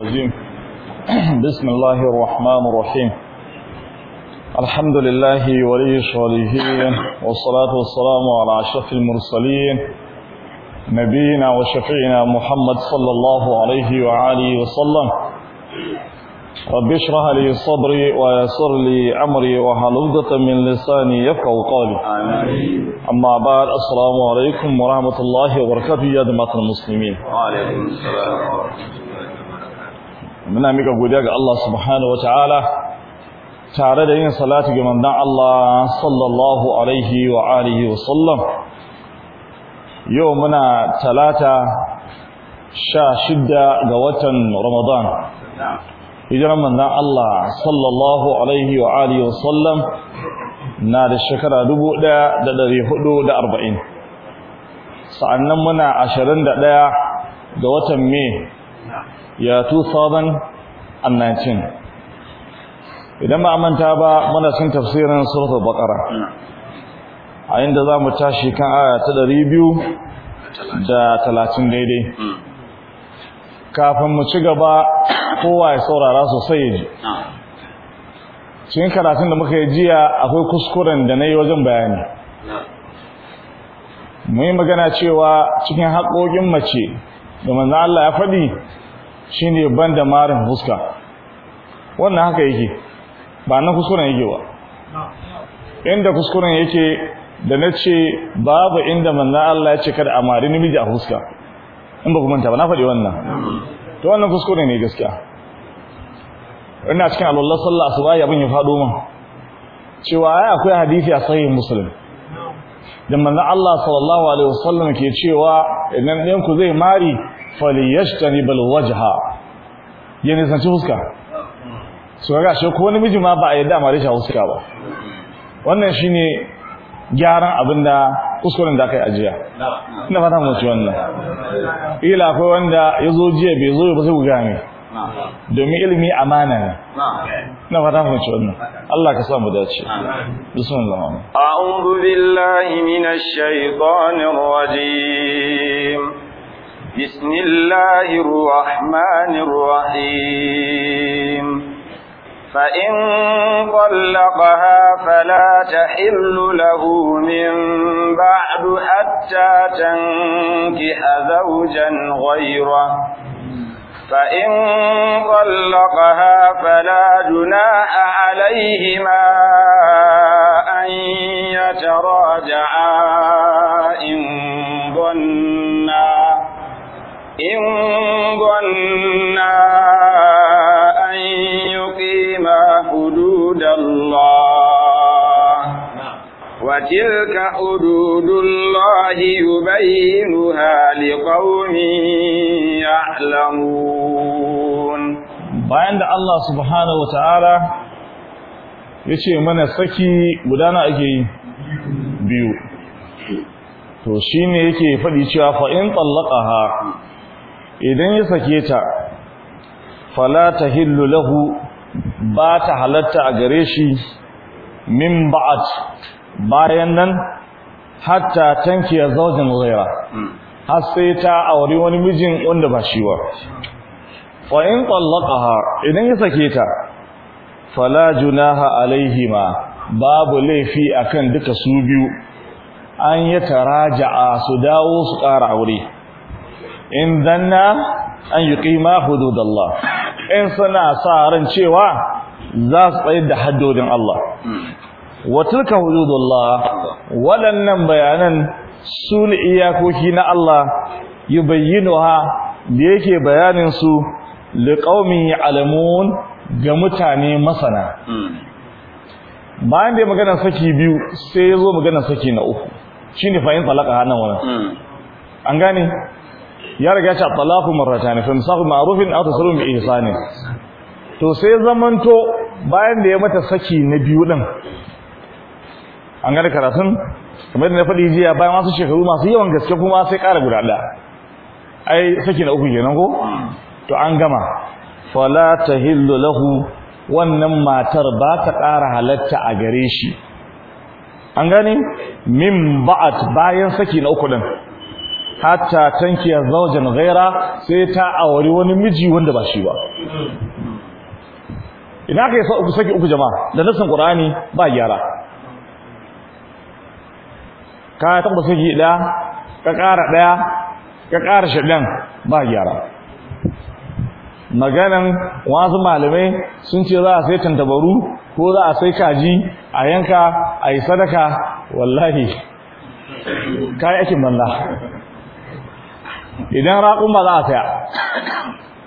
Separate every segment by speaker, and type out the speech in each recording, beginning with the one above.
Speaker 1: الرجيم بسم الله الرحمن الرحيم الحمد لله ولي الصالحين والصلاة والسلام على أشرف المرسلين نبينا وشفينا محمد صلى الله عليه وآله وسلم رب اشرح لي صدري ويسر لي أمري وهل عقدة من لساني يفقه قولي آمين أما بعد السلام عليكم ورحمة الله وبركاته يا دمت المسلمين
Speaker 2: وعليكم السلام ورحمة الله
Speaker 1: muna mika godiya ga Allah subhanahu wataala tare da yin salatu ga manzon Allah sallallahu alaihi wa alihi wa sallam yau muna talata sha shidda ga watan Ramadan idan manzon Allah sallallahu alaihi wa alihi wa sallam na da shekara dubu ɗaya da ɗari hudu da arba'in sa'annan muna ashirin da ɗaya ga watan mai ya 2019 idan ba manta ba muna cin tafsirin al baqara a inda zamu tashi kan aya ta 200 da 30 daidai kafin mu ci gaba kowa ya saurara sosai ji cikin karatun da muka yi jiya akwai kuskuren da na yi wajen bayani mu yi magana cewa cikin haƙoƙin mace da manzan Allah ya faɗi ne ban da marin fuska wannan haka yake ba na kuskuren yake ba inda kuskuren yake da na ce babu inda manna Allah ya ce kada a mari namiji a fuska in ba kumanta manta ba na faɗi wannan to wannan kuskure ne gaskiya ina cikin alwallar sallah su ba bin ya faɗo min cewa ya akwai hadisi a sahihin musulun? da manna Allah sallallahu alaihi wasallam ke cewa idan ɗayan ku zai mari faliyashtanibal wajha ya nisanci huska su ga shi ko namiji ma ba a yadda a mare shi huska ba wannan shine gyaran abinda kuskuren da aka yi ajiya ina fata mu ci wannan ila akwai wanda ya zo jiya bai zo ba sai ku gane domin ilimi amana ne Ina fata mu ci wannan Allah ka sa mu dace
Speaker 3: bismillah a'udhu billahi minash shaitanir rajim بسم الله الرحمن الرحيم فإن طلقها فلا تحل له من بعد حتى تنكح زوجا غيره فإن طلقها فلا جناح عليهما أن يتراجعا إن ظنّا إن ظنا أن يقيما حدود الله وتلك حدود الله يبينها لقوم يعلمون bayan da Allah subhanahu wa ta'ala
Speaker 1: ya ce mana saki gudana ake yi biyu to shi ne yake faɗi cewa fa'in tsallaka ha idan ya sake ta fala hillu lahu ba ta halatta a gare shi min ba'at bayan nan hatta ya zaujin zaira, har sai ta aure wani mijin wanda ba shi ba fa in tallaqaha idan ya sake ta fala junaha alaihima babu laifi akan duka su biyu an yata taraja'a su dawo su ƙara aure in danna an yuqima hududallah in suna sa ran cewa za su tsayar da haddodin Allah wa tilka hududullah waɗannan bayanan su ne iyakoki na Allah yi yubayyinuha da yake bayanin su liqaumin ya'lamun ga mutane masana bayan da maganar saki biyu sai ya zo maganar saki na uku shine fahimta laka hannun wannan hmm. an gane ya riga shi at-talaqu marratan fa misahu ma'rufin aw tasrun bi ihsanin to sai zamanto bayan da ya mata saki na biyu din an ga karatun kamar da na fadi jiya bayan wasu shekaru masu yawan gaske kuma sai ƙara guda ɗaya ai saki na uku kenan ko to an gama fala tahillu lahu wannan matar ba ta ƙara halatta a gare shi an gane min ba'at bayan saki na uku din hatta tankiya zaujan ghaira sai ta auri wani miji wanda ba shi ba ina kai sa uku saki uku jama'a da nasin qur'ani ba gyara ka taba saki da ka ƙara daya ka ƙara shaɗan ba gyara maganan wasu malamai sun ce za a sai tantabaru ko za a sai kaji a yanka a yi sadaka wallahi kai aikin manna idan raƙun ba za a saya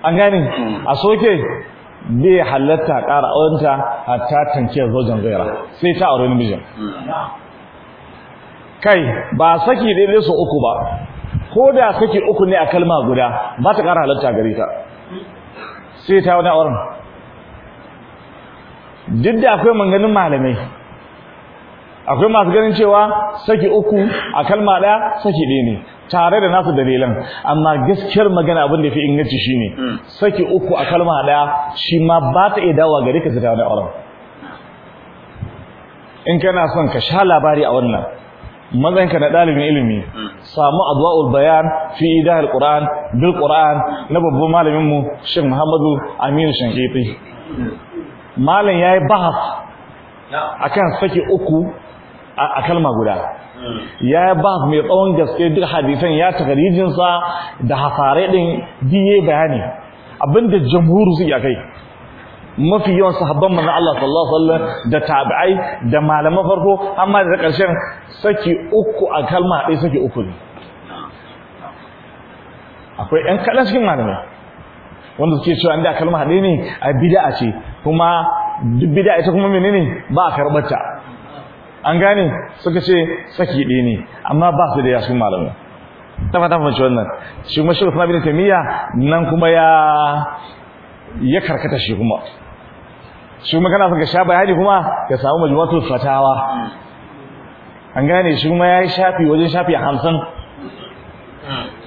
Speaker 1: an gani, a soke bai halatta ƙara aurenta hatta tankiyar zojen zaira sai ta aure namijin kai ba saki daidai su uku ba ko da saki uku ne a kalma guda ba ta ƙara halatta gare ta sai ta wani auren duk da akwai manganin malamai akwai masu ganin cewa saki uku a kalma ɗaya saki ɗaya ne tare da nasu dalilan amma gaskiyar magana abin da fi inganci ne, hmm. saki uku a kalma daya shi ma ba ta iya dawa gare ka zata da auren in kana son ka sha labari a wannan matsayin ka na dalibin ilimi hmm. samu adwa'ul bayan fi idahil qur'an bil qur'an na babban malamin mu Muhammadu Aminu Shankiti
Speaker 2: hmm.
Speaker 1: malam yi bahas
Speaker 2: akan saki uku
Speaker 1: a kalma guda ya ba mai tsawon gaske duk hadisan ya takarijinsa da hasarai din biye bayani abinda jamhur su ya kai mafi yawan sahabban mana Allah sallallahu alaihi wasallam da tabi'ai da malaman farko amma da ƙarshen, saki uku a kalma ɗaya saki uku ne akwai ƴan kaɗan cikin malamai wanda suke cewa inda kalma haɗe ne a bid'a ce kuma duk bid'a ita kuma menene ba a karɓar ta an gane suka ce saki ɗi ne amma ba su da yasu malamai ta fata mace wannan shi kuma shi Usman bin tamiya nan kuma ya ya karkata shi kuma shi kuma kana son ka sha bayani kuma ka samu majmu'atul fatawa an gane shi kuma yi shafi wajen shafi hamsin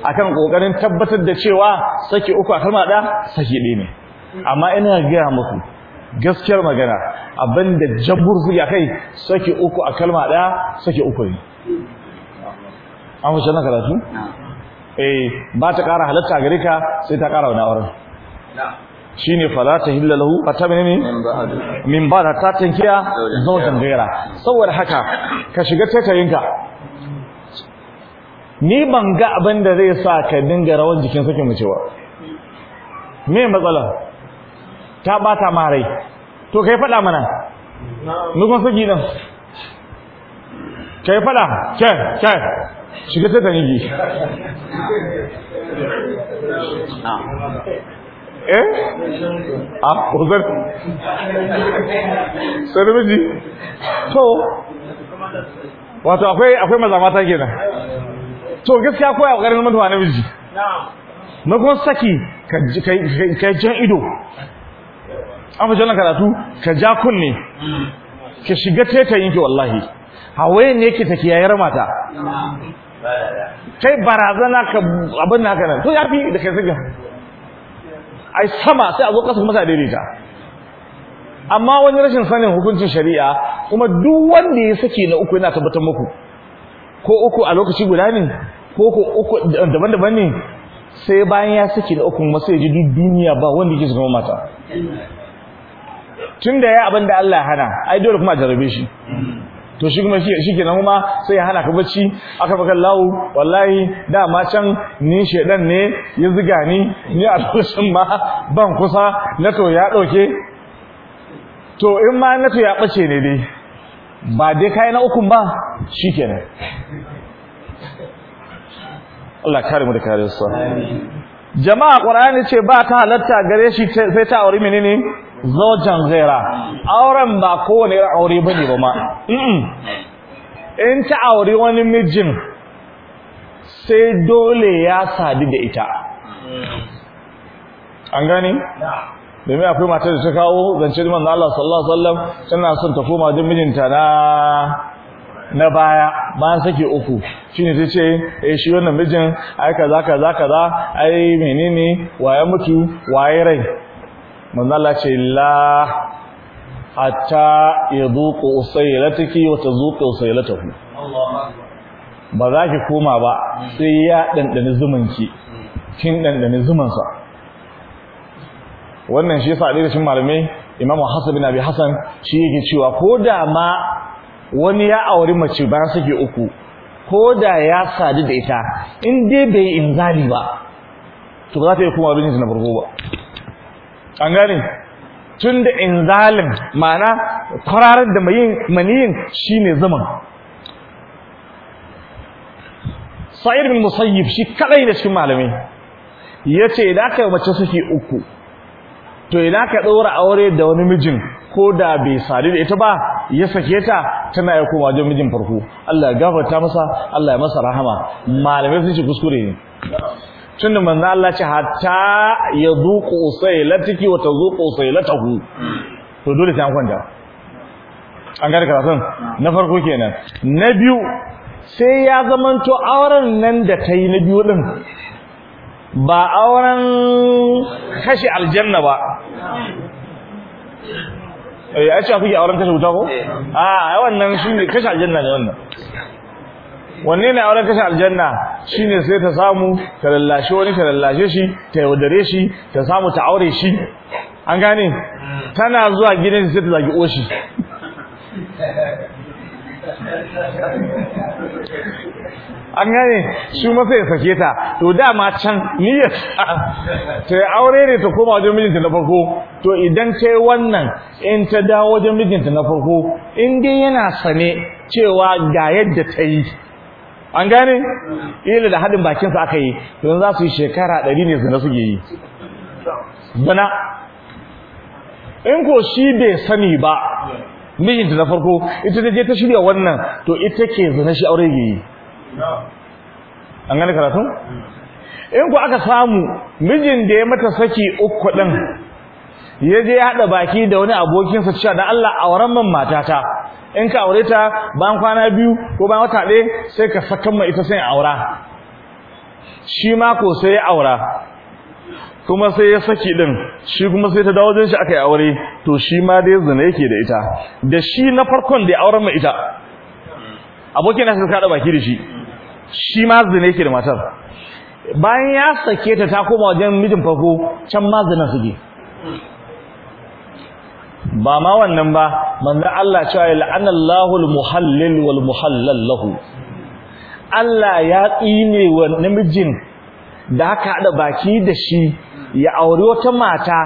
Speaker 1: akan kokarin tabbatar da cewa saki uku a kalma da saki ɗi ne amma ina gaya muku gaskiyar magana abinda jabur ya kai sake uku a kalma ɗaya sake uku ne an wuce na karatu eh ba ta kara halatta gare ka sai ta ƙara wani auren fa fala ta hilla lahu fatamina ne min ba da ta tankiya zaujan gaira saboda haka ka shiga tatayinka ni ban ga abin da zai sa ka dinga rawan jikin sakin mace ba me matsala ta bata ta marai to kai faɗa mana nukun saki nan kai faɗa ke ke shiga ta tanigi eh
Speaker 2: a ah, ƙuzar sai to
Speaker 1: wato akwai maza mata kenan to gaskiya koya kokarin mutuwa na miji na kuma saki ka jan ido an fashe wannan karatu ka ja kunne ka shiga tetayin ki wallahi hawaye ne ke ta kiyayar mata kai barazana ka abin na kanan to ya fi da kai siga ai sama sai a zo kasa masa daidaita amma wani rashin sanin hukuncin shari'a kuma duk wanda ya sake na uku yana tabbatar muku ko uku a lokaci guda ne ko ko uku daban-daban ne sai bayan ya sake na uku masu yaji duk duniya ba wanda ke zama mata tun da ya abin da Allah hana ai dole kuma jarabe shi to shi kuma shi nan kuma sai ya hana ka bacci aka baka lawo wallahi dama can ni shedan ne ya ziga ni ni a tushen ma ban kusa na to ya dauke to in ma na to ya bace ne dai ba dai kai na ukun ba shi nan Allah kare mu da kare su jama'a qur'ani ce ba ta halatta gare shi sai ta aure menene zojan zaira auren ba kowane irin aure bane ba ma in ta aure wani mijin sai dole ya sadu da ita an gani domin akwai matar da ta kawo zance da manzo Allah sallallahu alaihi wasallam tana son ta koma da mijinta na na baya bayan sake uku shine zai ce eh shi wannan mijin ai kaza kaza kaza ai menene waye mutu waye rai manzala ce la hatta ya zuƙo usailatiki wata zuƙo usailataku ba za ki koma ba sai ya ɗanɗani zumanki kin ɗanɗani zumansa wannan shi yasa ɗaya malamai imamu hassan bin abi hassan shi yake cewa ko da ma wani ya auri mace bayan suke uku ko da ya sadu da ita in dai bai inzali ba to ba za ta yi kuma abin na farko ba an gani tun da inzalin ma'ana kwararar da maniyin shine zaman Sa'irin bin musayyib shi kadai da cikin Ya ce, idan aka yi mace suke uku to idan aka ɗora aure da wani mijin ko da bai sadu da ita ba ya sake ta tana ya koma wajen mijin farko Allah ya gafarta masa Allah ya masa rahama malamai sun ce kuskure ne tunda manzo Allah ce hatta yazuqu usailatiki wa tazuqu usailatahu to dole sai an kwanta an ga karatun na farko kenan na biyu sai ya zamanto auren nan da kai na biyu din ba auren kashi aljanna ba eh a ce kuke auren kashi wuta ko eh. a ah, wannan shine kashi aljanna ne wannan wanne ne auren kashe aljanna shine sai ta samu ta lallashe wani ta lallashe shi ta yaudare shi ta samu ta aure shi an gane tana zuwa gidan sai ta zagi oshi
Speaker 2: an gane shi
Speaker 1: masa ya sake ta to dama can niyyar ta aure ne ta koma wajen mijinta na farko to idan ta yi wannan in ta dawo wajen mijinta na farko in dai yana sane cewa ga yadda ta yi an gane ila da haɗin bakinsa aka yi don za su yi shekara ɗari ne su na suke yi bana in ko shi bai sani ba mijinta na farko ita ta je ta shirya wannan to ita ke zina shi aure yi an gane karatu in ko aka samu mijin da ya mata saki uku ɗin ya je ya haɗa baki da wani abokinsa cewa da Allah auren man matata in ka aure ta bayan kwana biyu ko bayan wata ɗaya sai ka sakan ma ita sai aura shi ma ko sai ya aura kuma sai ya saki ɗin, shi kuma sai ta dawo jin shi aka yi aure to shi ma dai zina yake da ita da shi na farkon da ya auren mai ita abokin na sai ka haɗa baki da shi shi ma zina yake da matar bayan ya sake ta ta koma wajen mijin farko can ma zina suke ba ma wannan ba manzo Allah cewa la'anallahu al-muhallil wal muhallal lahu Allah ya tsine wa namijin da aka hada baki da shi ya aure wata mata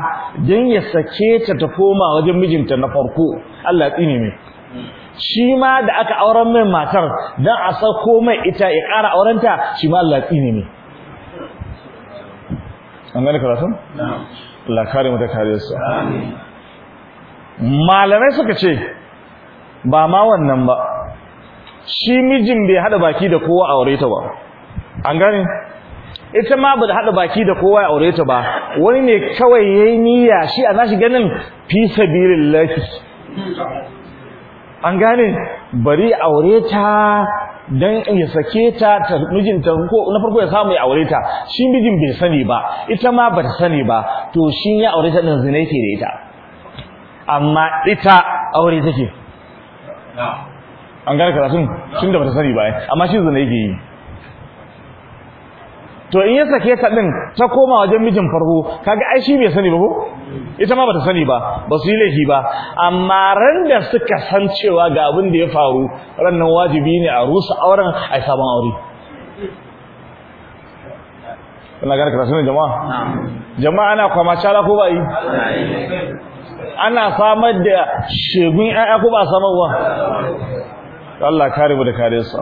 Speaker 1: dan ya sake ta ta koma wajen mijinta na farko Allah ya tsine mai shi ma da aka auren mai matar dan a sako mai ita ya ƙara aurenta shi ma Allah ya tsine mai an gane karatun? Allah kare mu da su. Amin. malamai suka ce ba ma wannan ba shi mijin bai hada baki da kowa a aure ba an gane ita ma ba da baki da kowa a aure ba wani ne kawai yayi niyya shi a nashi ganin fi sabilillah an gane bari aure ta dan ya sake ta ta ta ko na farko ya samu ya aure ta shi mijin bai sani ba ita ma ba ta sani ba to shi ya aure ta din zina da ita amma ita aure take an gane karatun tun da bata sani ba amma shi zina yake yi to in ya sake ta din ta koma wajen mijin farko kaga ai shi bai sani ba ko ita ma bata sani ba ba su yi laifi ba amma ran da suka san cewa ga abin da ya faru ran nan wajibi ne a rusa auren yi sabon aure Ina gane karatun jama'a jama'a ana kwama cala ko ba yi ana samar da shegun ƴaƴa ko ba samarwa Allah kare mu da kare su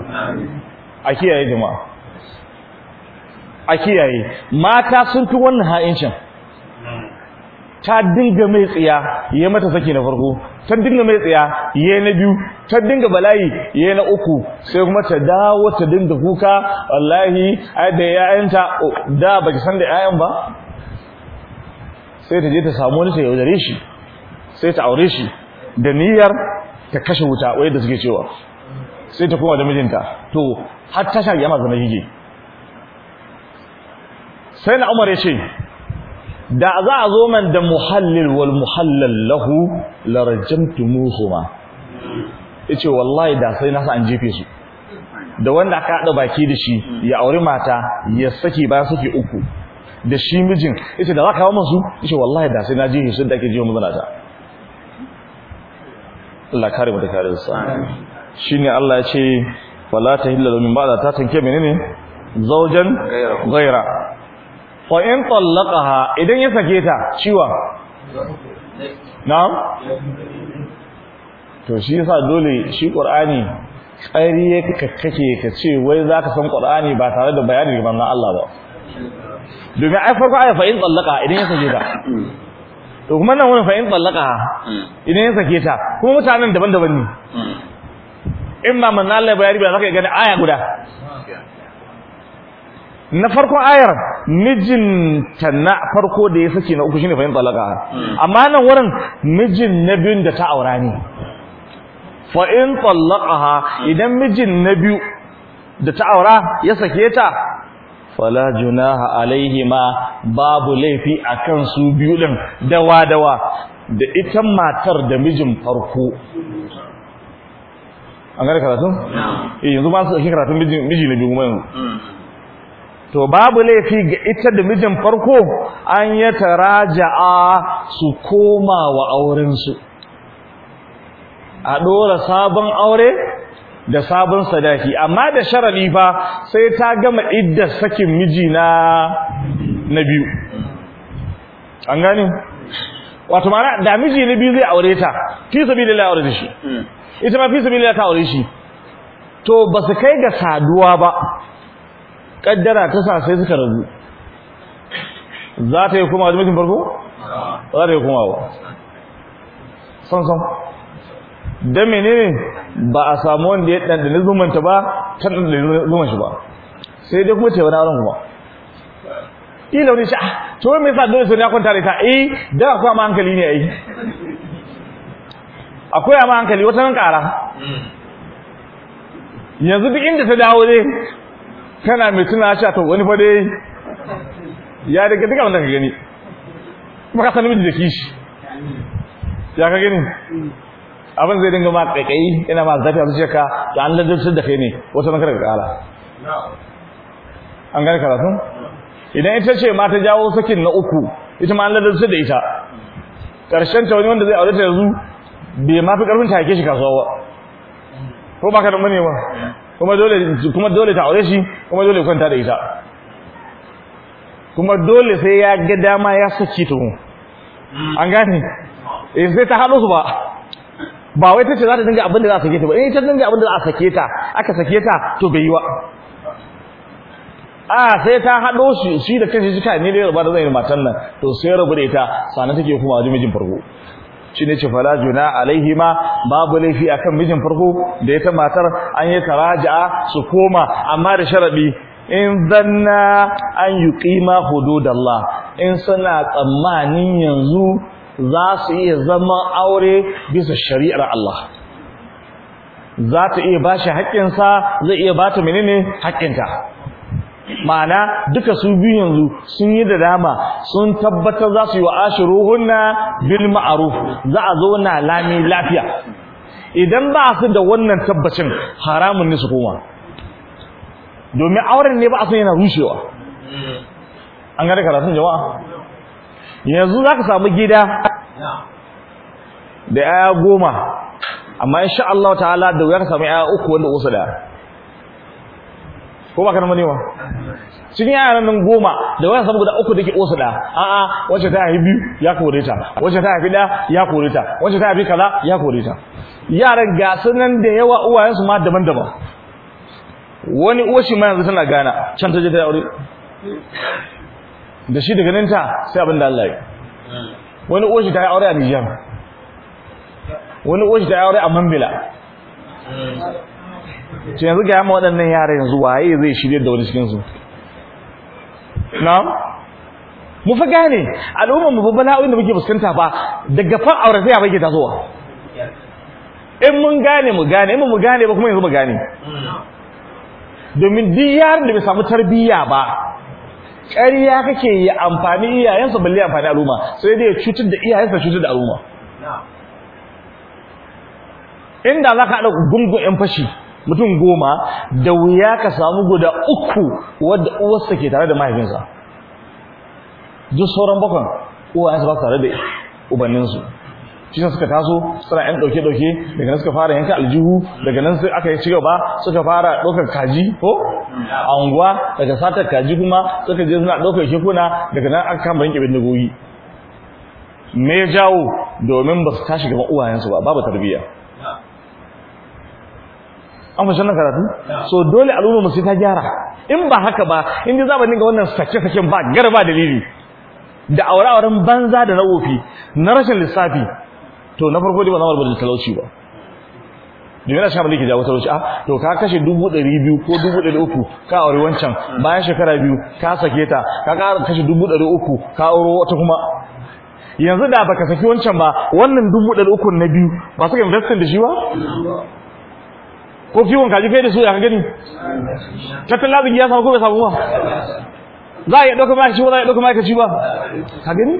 Speaker 1: a kiyaye jama'a a kiyaye mata sun fi wannan ha'incin ta dinga mai tsiya ya mata saki na farko ta dinga mai tsiya ya na biyu ta dinga bala'i ya na uku sai kuma ta dawo ta dinga kuka wallahi ai da yayanta da baki san da yayan ba sai ta je ta samu wani ta yaudare shi sai ta aure shi da niyyar ta kashe wuta wai da suke cewa sai ta koma da mijinta to har ta sha yamma zama yige sai na umar ya ce da za a zo man da muhallil wal muhallal lahu la rajamtumuhuma yace wallahi da sai na sa an jefe su da wanda aka haɗa baki da shi ya auri mata ya saki ba suke uku da shi mijin yace da za ka hawo musu yace wallahi da sai na jefe su da ake jefe mazanata Allah kare mu da karinsa shine Allah ya ce wala domin min ba'da ta tanke menene zaujan ghaira fa in ha idan ya sake ta ciwa na'am to shi yasa dole shi qur'ani tsari yake kake ka ce wai zaka san qur'ani ba tare da bayani ga manzon Allah ba domin ai farko ai fa in tsallaka idan ya sake ta to kuma nan wani fa'in tsallaka hmm. idan ya sake ta kuma mutanen daban-daban ne hmm. in ba manzo Allah bayani ba zaka gani aya guda na farko ayar mijinta na farko da ya saki na uku shine fahim talaka hmm. amma nan wurin mijin na biyun da ta aura ne fa in talaqaha idan mijin na biyu da ta aura ya sake ta fala junaha alaihima babu laifi akan su biyu din dawa dawa da ita matar da mijin farko an gane karatun? eh yanzu ba su karatu karatun miji ne biyu yanzu mm. to babu laifi ga ita da mijin farko an ya taraja'a su koma wa aurensu a ɗora sabon aure da sabon sadaki amma da sharadi fa sai ta gama iddar sakin miji na na biyu an gane wato mana da miji na biyu zai aure ta fi sabilillah aure shi hmm. ita ma fi sabilillah ta aure shi to ba su kai ga saduwa ba kaddara ta sa sai suka rabu za ta yi kuma da mijin farko za ta yi kuma ba san don menene ba a samu wanda ya ɗanɗani ta ba ta ɗanɗani zuman shi ba sai dai kuma tewa na auren kuma yi wani shi ah, to me yasa dole sai ya kwanta da ita eh da akwai ma hankali ne ai akwai ma hankali wata nan ƙara yanzu duk inda ta dawo dai kana mai tuna a to wani fa dai ya daga duka wanda ka gani kuma ka san namiji da kishi ya ka gani abin zai dinga ma kaikai ina ma zafi a zuciyarka to an ladabtar da kai ne wata nan ka kala an gane karatun idan ita ce ma ta jawo sakin na uku ita ma an ladabtar da ita karshen ta wani wanda zai aure ta yanzu bai ma fi karfin ta hake shi kasuwa ba ko ka da mune ba kuma dole kuma dole ta aure shi kuma dole kwanta da ita kuma dole sai ya ga dama ya saki to an gane eh sai ta halu su ba ba wai tace za ta dinga abin da za a sake ta ba in ta dinga abin da za a sake ta aka sake ta to bai yi wa a sai ta hado shi shi da kanshi shi kai ne da rabar zai matan nan to sai rabu da ita sanan take kuma wajen mijin farko shi ne ce fala juna alaihima babu laifi akan mijin farko da ita matar an yi taraja'a su koma amma da sharabi. in zanna an yuqima hududallah in suna tsammanin yanzu za su iya zama aure bisa shari'ar Allah za ta iya ba shi haƙƙinsa zai iya ba ta menene haƙƙinta ma'ana duka su biyu yanzu sun yi da dama sun tabbatar za su yi wa ashiruhunna bil ma'aruf za a zo lami lafiya idan ba su da wannan tabbacin haramun ne su koma domin auren ne ba a san yana rushewa an gane karatun jama'a yanzu za ka samu gida da yaya goma amma insha Allah ta'ala da ka samu yaya uku wanda usu da ko ba ka namani ba cikin yaran nan goma da wuyar samu guda uku da ke usu da a'a wacce ta haifi biyu ya kore ta wacce ta haifi da ya kore ta wacce ta haifi kaza ya kore ta yaran ga nan da yawa uwayensu ma daban-daban wani shi ma yanzu tana gana can ta je ta aure da shi da ganinta sai abin da Allah ya wani oshi ta yi aure a nijiyar wani oshi ta yi aure a Mambila ce yanzu ga yamma waɗannan yara yanzu waye zai shirya da wani cikinsu na mu fa gane al'ummar mu babbala bala'o'in da muke fuskanta ba daga fan aure sai abin ke tasowa in mun gane mu gane in mu gane ba kuma yanzu mu gane
Speaker 2: mm.
Speaker 1: domin duk yaran da bai samu tarbiyya ba ƙarya kake yi amfani iyayensa balle amfani al'umma sai dai cutar da iyayensa cutar da al'umma inda za ka haɗa gungun 'yan fashi mutum goma da wuya ka samu guda uku wadda uwarsa ke tare da mahaifinsa duk sauran bakon uwayensa ba tare da ubanninsu shi suka taso suna yan dauke dauke daga nan suka fara yanka aljihu daga nan sai aka yi ci gaba suka fara daukar kaji ko anguwa daga satar kaji kuma suka je suna daukar shekuna daga nan aka kama yanke bindigogi me ya jawo domin ba su tashi gaban uwayensu ba babu tarbiyya an fashe nan karatu so dole al'umma mu sai ta gyara in ba haka ba in dai za mu dinga wannan sake-saken ba garba dalili da aure-auren banza da na wofi na rashin lissafi to na farko dai ba zama mu talauci ba domin na da ke jawo talauci a ah, to ka kashe dubu ɗari biyu ko dubu ɗari uku ka aure wancan bayan shekara biyu ka sake ta ka ƙara kashe dubu ɗari uku ka aure wata kuma yanzu da baka saki wancan ba wannan dubu ɗari uku na biyu ba su ka investin da shi ba ko kiwon kaji kai da su ya ka gani tattalin arziki ya samu ko bai samu ba za a iya ɗauka ma'aikaci ba za a iya ɗauka ma'aikaci ba ka gani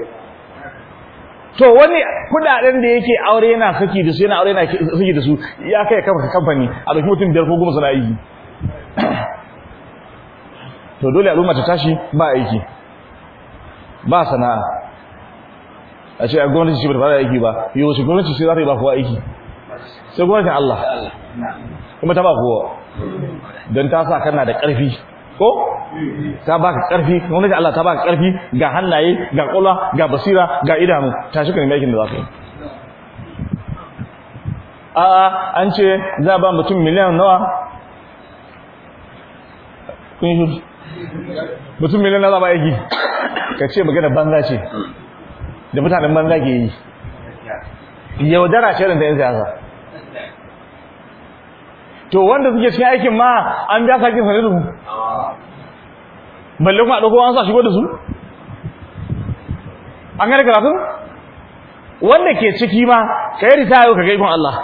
Speaker 1: to wani kudaden da yake aure yana saki da su yana aure yana saki da su ya kai kafa kamfani a dauki mutum biyar ko goma suna yi to dole al'umma ta tashi ba aiki ba sana'a a ce a gwamnati ce ba ta fara aiki ba yi wasu gwamnati sai za ta yi ba kowa aiki sai gwamnati Allah kuma ta ba kowa don ta sa kana da ƙarfi ko ta baka karfi gwamnati Allah ta baka karfi ga hannaye ga kula ga basira ga idanu shi ka nemi aikin da za ka yi a an ce za ba mutum miliyan nawa mutum miliyan nawa za ba aiki ka ce magana banza ce da mutanen banza ke yi yaudara ce da yan siyasa to wanda suke cikin aikin ma an ja sakin sanadu balle kuma a ɗauko an sa shigo da su an gani karatun wanda ke ciki ma ka yi ritaya yau ka ga ikon Allah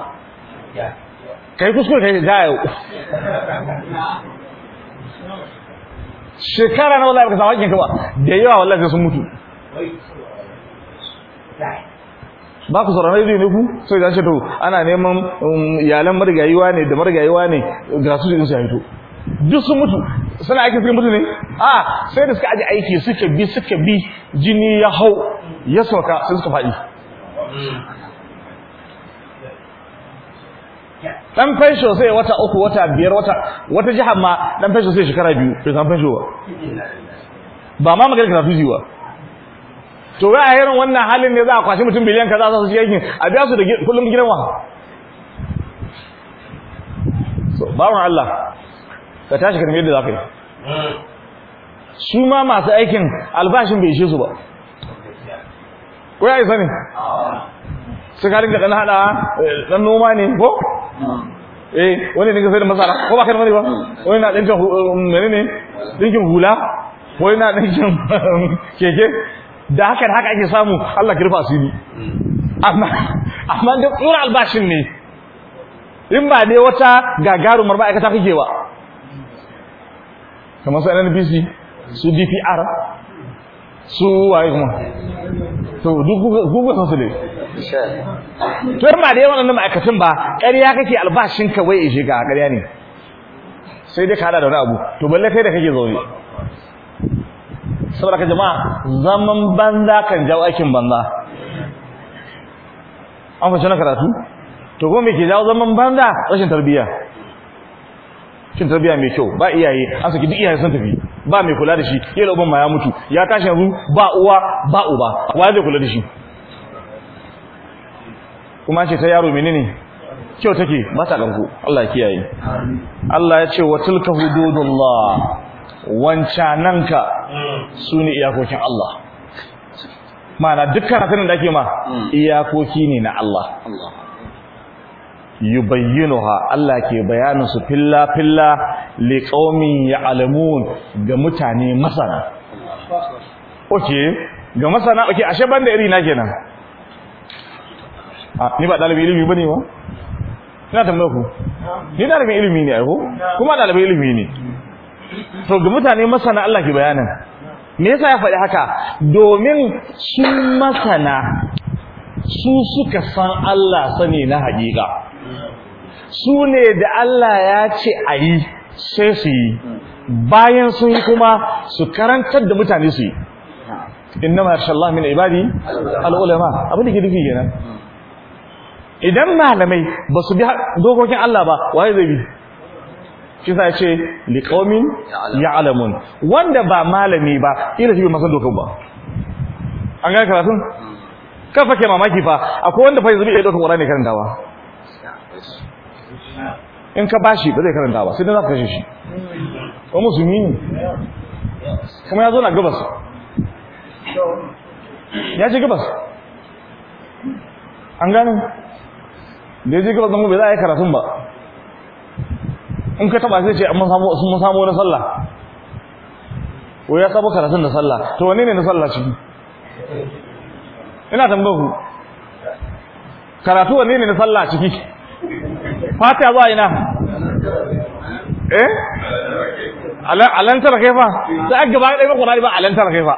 Speaker 1: ka yi kuskure ka yi rita yau shekara na wallahi ka samu hakkin ka ba da yawa wallahi sun mutu ba ku tsoron rai ne ku sai da shato ana neman um, iyalan marigayiwa ne da marigayiwa ne ga su din su hito duk sun mutu suna aiki suka mutu ne a sai da suka aji aiki suka bi suka bi jini ya hau ya sauka sai suka faɗi
Speaker 2: dan fensho sai wata uku wata biyar wata wata jihar ma dan fensho sai
Speaker 1: shekara biyu bai san fensho ba ba ma magana karatu jiwa to wai a irin wannan halin ne za a kwashi mutum biliyan kaza za su ci aikin a biya su da kullum gidan wa so bawon Allah ka tashi ka yadda za ka yi su ma masu aikin albashin bai ishe su ba ko ya isa ne su ka rinka ɗan haɗa eh, ɗan noma ne ko eh wani ne sai da masara ko ba ka da ba wani na ɗinkin um, mene ne ɗinkin hula wani na ɗinkin um, keke da haka da haka ake samu Allah kirfa asiri amma amma duk tsura albashin ne in ba dai wata gagarumar ba aikata kake ba kamar su nnpc su dpr su waye kuma to duk google sun su dai to yamma da yawan wannan ma'aikatan ba ƙarya kake albashin ka wai ishe ka ƙarya ne sai dai ka hada da wani abu to balle kai da kake zaune saboda ka jama'a zaman banza kan jawo aikin banza an fashe na karatu to kuma me ke jawo zaman banza rashin tarbiyya cin tarbiya mai kyau ba iyaye an saki duk iyaye sun tafi ba mai kula da shi yau uban ma ya mutu ya tashi yanzu ba uwa ba uba wa zai kula da shi kuma ce ta yaro menene kyau take ba ta kanku Allah ya kiyaye Allah ya ce wa tilka hududullah wancananka sune iyakokin Allah ma'ana dukkan sanin da ake ma hmm. iyakoki ne na Allah yubayyinuha Allah ke bayanin su filla filla liqaumin ya'lamun ga mutane masana okay ga masana oke ashe banda iri na kenan a ah, ni ba dalibi ilimi bane ba ina tambaya ku ni dalibi ilimi ne ai ko kuma dalibi ilimi ne to ga mutane masana Allah ke bayanin me yasa ya faɗi haka domin shi masana su suka san Allah sani na haƙiƙa su ne da
Speaker 2: Allah ya ce
Speaker 1: a yi sai su yi bayan sun yi kuma su karantar da mutane su yi innama Allah min ibadi al-ulama abin da ke nufi kenan idan malamai ba su bi dokokin Allah ba waye zai bi shi sa ce liqawmin ya'lamun wanda ba malami ba irin shi ba masan dokar ba an ga karatun kafa ke mamaki fa akwai wanda fa yanzu bai dokan Qur'ani karantawa in ka bashi ba zai karanta ba sai dai za ka kashe shi
Speaker 2: ba musulmi ne kuma ya zo na gabas
Speaker 1: ya je gabas an gane da ya je gabas don bai za a yi karatun ba in ka taba sai ce amma sun samu wani sallah ko ya sabo karatun da sallah to wane ne na sallah ciki ina tambayar ku karatu wane ne na sallah ciki
Speaker 2: fata zuwa ina eh
Speaker 1: alantar fa? sai an gaba ɗaya ƙwararri ba alantar fa.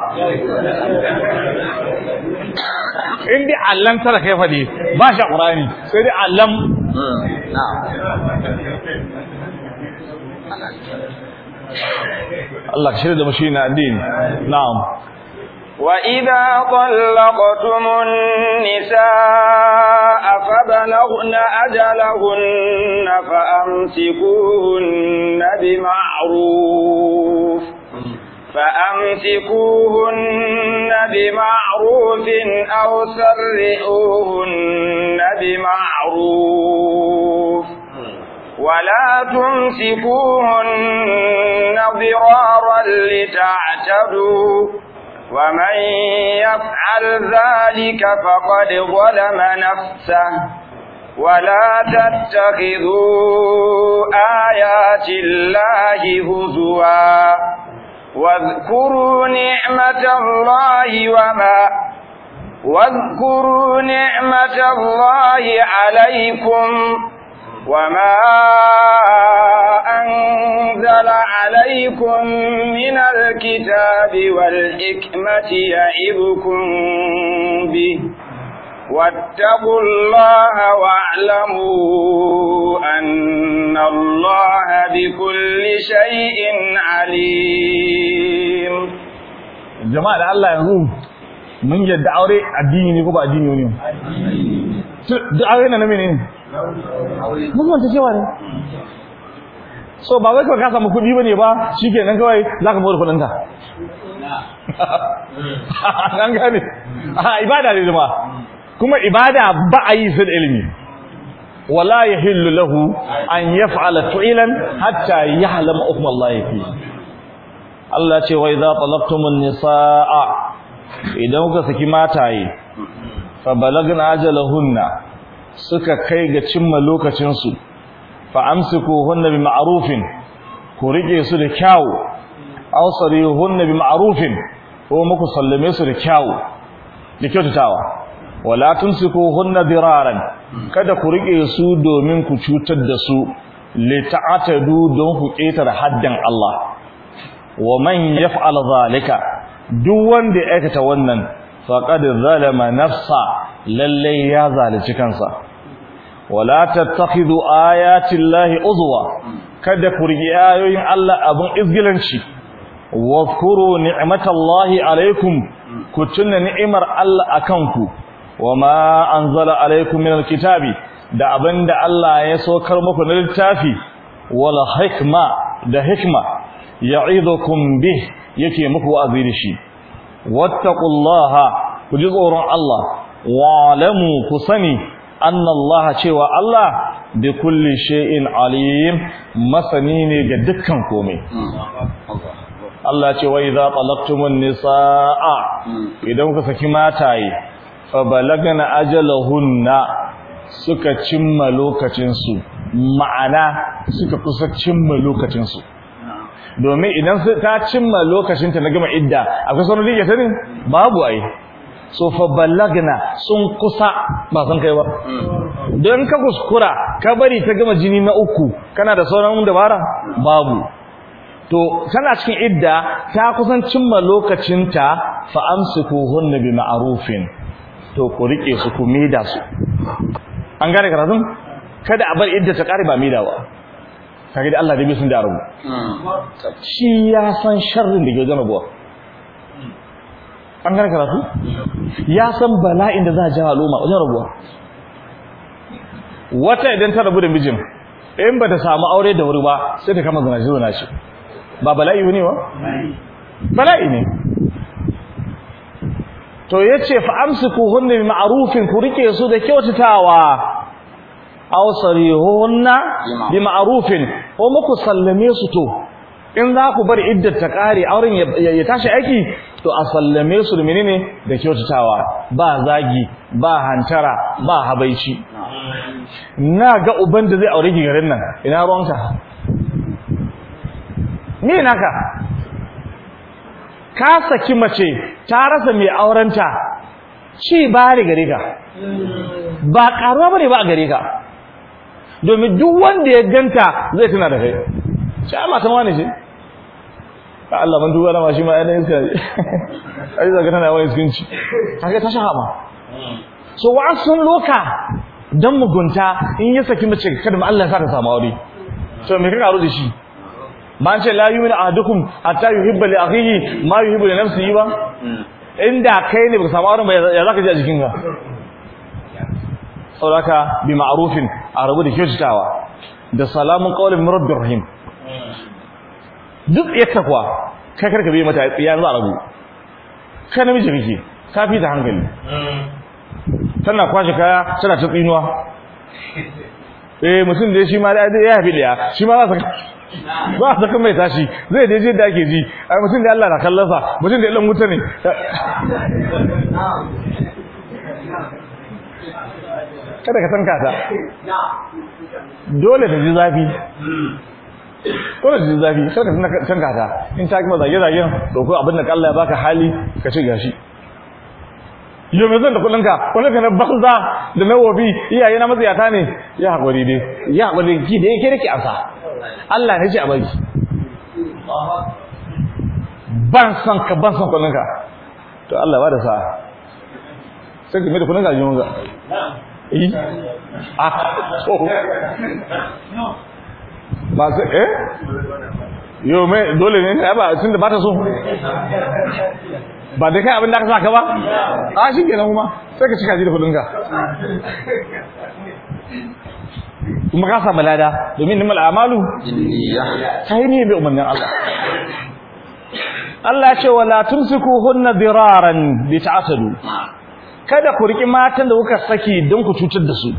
Speaker 1: in dai alantar fa ne ba shi ƙwararri sai dai alam Allah ka shirya da mashi na addini na'am
Speaker 3: وإذا طلقتم النساء فبلغن أجلهن فأمسكوهن بمعروف فأمسكوهن بمعروف أو سرئوهن بمعروف ولا تمسكوهن ضرارا لتعتدوا ومن يفعل ذلك فقد ظلم نفسه ولا تتخذوا آيات الله هزوا واذكروا نعمة الله وما واذكروا نعمة الله عليكم وما أنزل عليكم من الكتاب والحكمة يعظكم به واتقوا الله واعلموا أن الله بكل شيء عليم جماعة الله يقول من يدعوري الدين يقول الدين يقول
Speaker 1: الدين يقول الدين يقول
Speaker 2: mun manta cewa ne
Speaker 1: so ba wai kawai ka samu ba bane ba nan kawai zaka fara kuɗin ha, an gane a ibada ne zama kuma ibada ba a yi fil ilimi. wala ya hillu lahu an fa'ala tu'ilan hatta halama hukm Allah fi Allah ce wa mun talaqtumun nisaa idan kuka saki mataye fa balagna ajalahunna suka kai ga cimma lokacinsu fa hunna bi ma’arufin ku riƙe su da kyawu ausari hunna bi ma’arufin ko muku sallame su da kyawu da kyautatawa wala hunna diraran kada ku riƙe su domin ku cutar da su li ta'atadu don ku ƙetare haddan Allah wa man yaf'al zalika duk wanda ya aikata wannan faqad zalama nafsa lalle ya zalici kansa wala tattakhidhu ayati llahi uzwa kada ku rigi ayoyin Allah abun izgilanci wazkuru ni'matallahi alaikum ku tunna ni'imar Allah akan ku wama anzala alaikum minal kitabi da abinda Allah ya sokar muku na littafi wala hikma da hikma ya'idukum bih yake muku wa'azi shi wattaqullaha ku ji tsoron Allah wa alamu ku sani anna cewa Allah bi kulli shay'in alim masani ne ga dukkan komai Allah ce wa idza talaqtumun nisaa idan kuka saki mataye fa balagna ajalahunna suka cimma lokacin su ma'ana suka kusa cimma lokacin su domin idan ta cimma lokacinta na gama idda akwai sanar da ya babu ai so fa ballagna sun kusa ba san kai ba don ka kuskura ka bari ta gama jini na uku kana da sauran dabara babu to kana cikin idda ta kusan cimma lokacinta fa amsikuhunna bi ma'rufin to ku rike su ku mida su an gane karatun kada a bar idda ta kare ba mida ba kage da Allah da bisun da rubu hmm. shi ya san sharrin da ke wajen an gane karatu ya san bala'in da za a jawo al'umma wajen rabuwa wata idan ta rabu da mijin in ba ta samu aure da wuri ba sai ta kama zanace shi ba bala'i ne wa bala'i ne to ya ce fa amsiku hunna bi ma'rufin ku rike su da kyautatawa aw hunna bi ma'arufin? ko muku sallame su to in za ku bar iddar ta kare auren ya tashi aiki to a sallame su da ne da kyautatawa ba zagi ba hantara ba habaici na ga uban da zai aure ki garin nan ina ruwanka ni naka ka saki mace ta rasa mai aurenta ci ba ni gare ka ba karuwa bane ba a gare ka domin duk wanda ya ganta zai tuna da kai ci a ta wani shi. a Allah ban duba ma shi ma yana iska ai zaka tana wani iskinci kaga ta shahama so wa sun loka dan mugunta in ya saki mace kada ma Allah ya sa ta samu aure So, me kake aro da shi man ce la yumin ahadukum hatta yuhibba li akhihi ma yuhibbu li nafsihi ba inda kai ne baka samu aure ba ya zaka ji a jikin ka sauraka bi ma'rufin a rabu da kyautatawa da salamun qawlin min rabbir rahim duk yakka kuwa kai karka bai mata ya za rabu kai namiji kake ka fi ta hankali tana kwashe kaya tana ta tsinuwa eh mutum dai shi ma da ya hafi da shi ma za ba saka kan mai tashi zai je da ake ji a mutum da Allah na kallasa mutum da ya wuta ne
Speaker 2: kada ka tanka ta dole ta ji zafi
Speaker 1: ko da jin zafi sai ka kanka ta in ta kuma zage zagen to ko abin da Allah ya baka hali ka ci gashi yau mai zan da kudinka wani ka na da na wobi iyaye na matsayata ne ya haƙuri dai ya haƙuri ki da yake rike ansa
Speaker 2: Allah ne ce a bari.
Speaker 1: ban san ka ban son kudinka to Allah ba da sa'a sai ka mai da kudinka a jimunga a Ba su eh yau mai dole ne ya ba sun da ba ta so ba da kai abin da aka saka ba a shi ke nan kuma sai ka cika ji da kudinka kuma ka samu lada domin nimal amalu ta yi ne bai umarnin Allah Allah ce wala tumsiku hunna diraran bi ta'tadu kada ku riki matan da kuka saki don ku cutar da su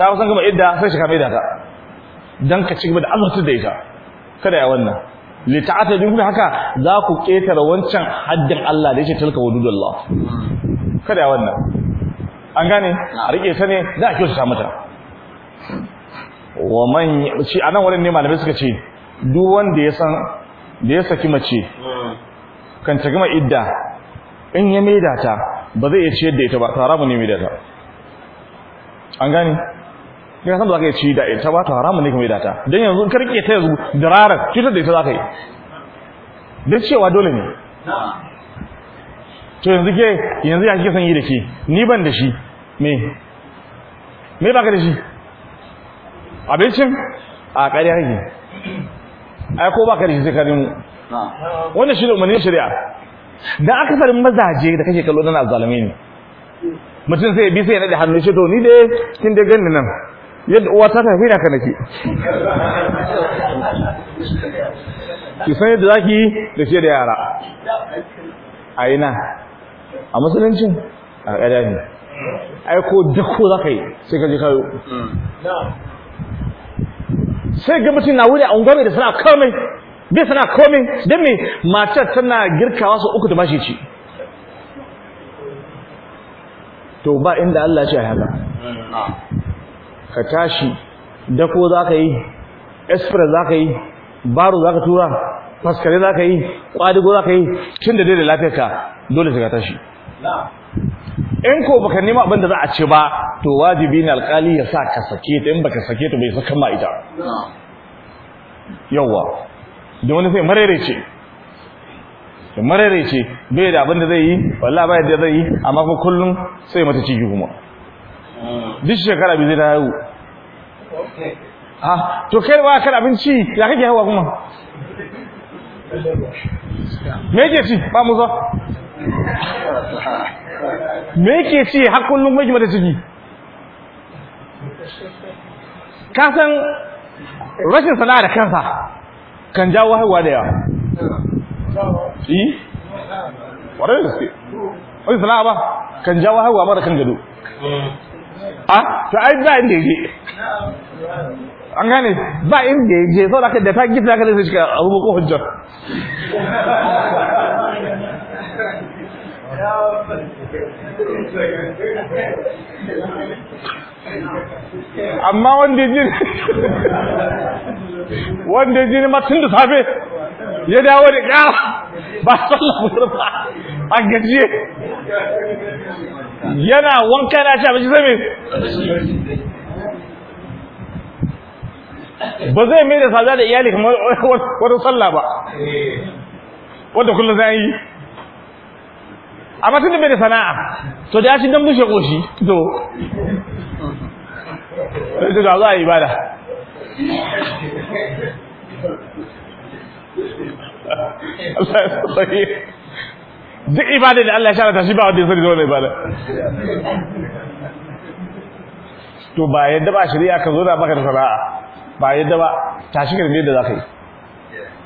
Speaker 1: ta kusan gama idda sai shi mai da ka dan ka ci gaba da azurta da ita kada ya wannan Lita'ata ta'atadin kuma haka za ku ƙetare wancan haddin Allah da yake tilka Allah kada ya wannan an gane a rike ta ne za a kyautata mata wa man shi anan wurin ne malamai suka ce duk wanda ya san da ya saki mace kan ta gama idda in ya maida ta ba zai iya ciyar da ita ba haramu ne maida ta an gane ka san ba ka ci da ita ba ta haramun ne kuma da dan yanzu in karke ta yanzu dirarar cutar da ita za ka yi duk cewa dole ne to yanzu ke yanzu ya kike san yi da ke ni ban da shi me me ba ka da shi abincin a ƙarya kake ai ko ba ka da shi sai ka mu wannan shi ne umarni shari'a dan akasarin mazaje da kake kallo na al-zalimi ne mutum sai bi sai ya nade hannu shi to ni dai kin da ganin nan yadda uwa ta tafi na kanake
Speaker 2: ki san yadda zaki da ke da yara a ina a musuluncin a ƙada ne ai ko za ka yi
Speaker 1: sai ka je kayo sai ga mutum na wuri a ungwame da suna komai bai suna komai don me matar tana girkawa su uku da bashi ci to ba inda Allah ya ce
Speaker 2: haka
Speaker 1: ka tashi dako za ka yi express za ka yi baro za ka tura faskare za ka yi kwadigo za ka yi tun da dai da lafiyarka dole sai ka tashi in ko baka nema abin da za a ce ba to wajibi ne alƙali ya sa ka sake ta in baka sake ta bai saka ma ita yawwa da wani sai marere ce marere ce bai da abin da zai yi wallahi bai da zai yi amma fa kullum sai mata ciki kuma duk shekara bai zai ta haihu
Speaker 2: ah, to kai
Speaker 1: ba kan abinci ya kake hawa kuma me yake ci ba mu zo me yake ci har kullum miki mata ciki ka san rashin sana'a da kansa kan jawo haihuwa da yawa yi
Speaker 2: wadda suke wani sana'a ba
Speaker 1: kan jawo haihuwa mara kan gado
Speaker 2: ah to ai ba inda yaje an gane
Speaker 1: ba inda yaje sau da da ta gifta ka zai shiga abubu ko hujjar
Speaker 2: amma wanda ji wanda ji ne matsin da safe ya dawo da ƙara
Speaker 1: ba sallah musulma a gajiye yana wanka na ci abinci zai ba zai mai da sada da iyali kamar wata sallah ba wadda kullum zai yi amma tun da mai da sana'a to da ya ci don bushe koshi to sai su ga za a yi bada
Speaker 2: Allah ya
Speaker 1: duk ibada da Allah ya ta shi ba wanda ya sani da wannan ibada to ba yadda ba shari'a ka zo da maka da sana'a ba yadda ba tashi ka ne da za ka yi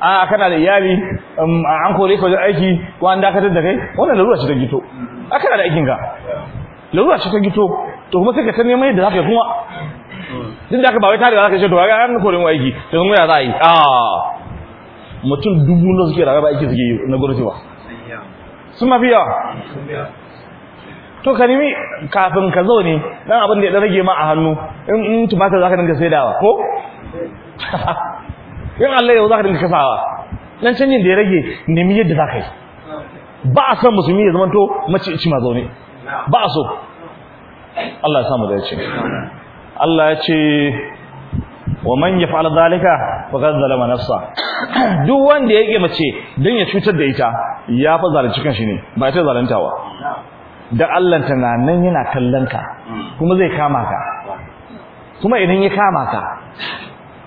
Speaker 1: a kana da iyali um, an kore ka wajen aiki ko an dakatar da kai wannan lalura ce ta gito a kana da aikin ka lalura ce ta gito to kuma sai ka san neman yadda ka yi kuma duk da aka ba wai tare da zaka ce to ga an kore aiki to kuma ya za a yi a mutum dubu na suke rarraba aiki suke na gwamnati ba sun mafi
Speaker 2: yawa
Speaker 1: to ka nemi kafin ka zo ne dan abin da ya dan rage ma a hannu in za ka dinga saidawa ko in Allah za ka dinga kasawa Nan canjin da ya rage nemi yadda za ka yi ba a san musulmi ya zamanto mace ci ma zaune ba a so
Speaker 2: Allah ya samu da ya ce
Speaker 1: Allah ya ce wa man yaf'al zalika faqad zalama nafsa duk wanda ya yake mace dan ya cutar da ita ya fa zalunci kanshi ne ba ta zaluntawa da Allah ta nan yana kallon ka
Speaker 2: kuma zai kama ka
Speaker 1: kuma idan ya kama ka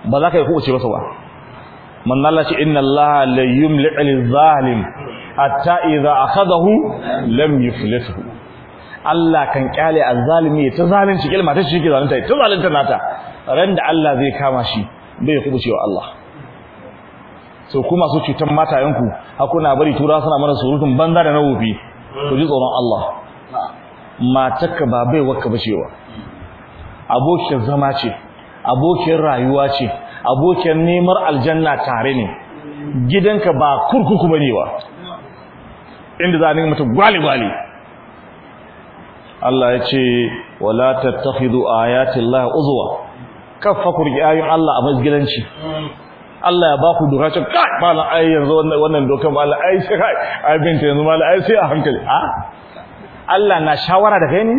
Speaker 1: ba za ka yi ba masa ba man Allah ce inna Allah la yumli zalim hatta idza akhadahu lam yuflithu Allah kan kyale azzalimi ta zalunci kilma ta shi ke zalunta ta zalunta nata ran da Allah zai kama shi bai kubucewa Allah so ku masu cutar matayenku hakuna bari tura suna mana surutun banza da nawufi ku ji tsoron Allah matarka ba bai wakka cewa Abokin zama ce abokin rayuwa ce abokin nemar aljanna tare ne gidanka ba kurkuku ba wa inda za a nemi mutum gwali-gwali Allah ya ce wala tattakhidu ayati Allah uzwa kafa kurgi ayoyin Allah a masgilanci Allah ya ba ku dora ce kai malam ai yanzu wannan dokan malam ai sai kai ai binta yanzu malam ai sai a hankali a Allah na shawara da kai ne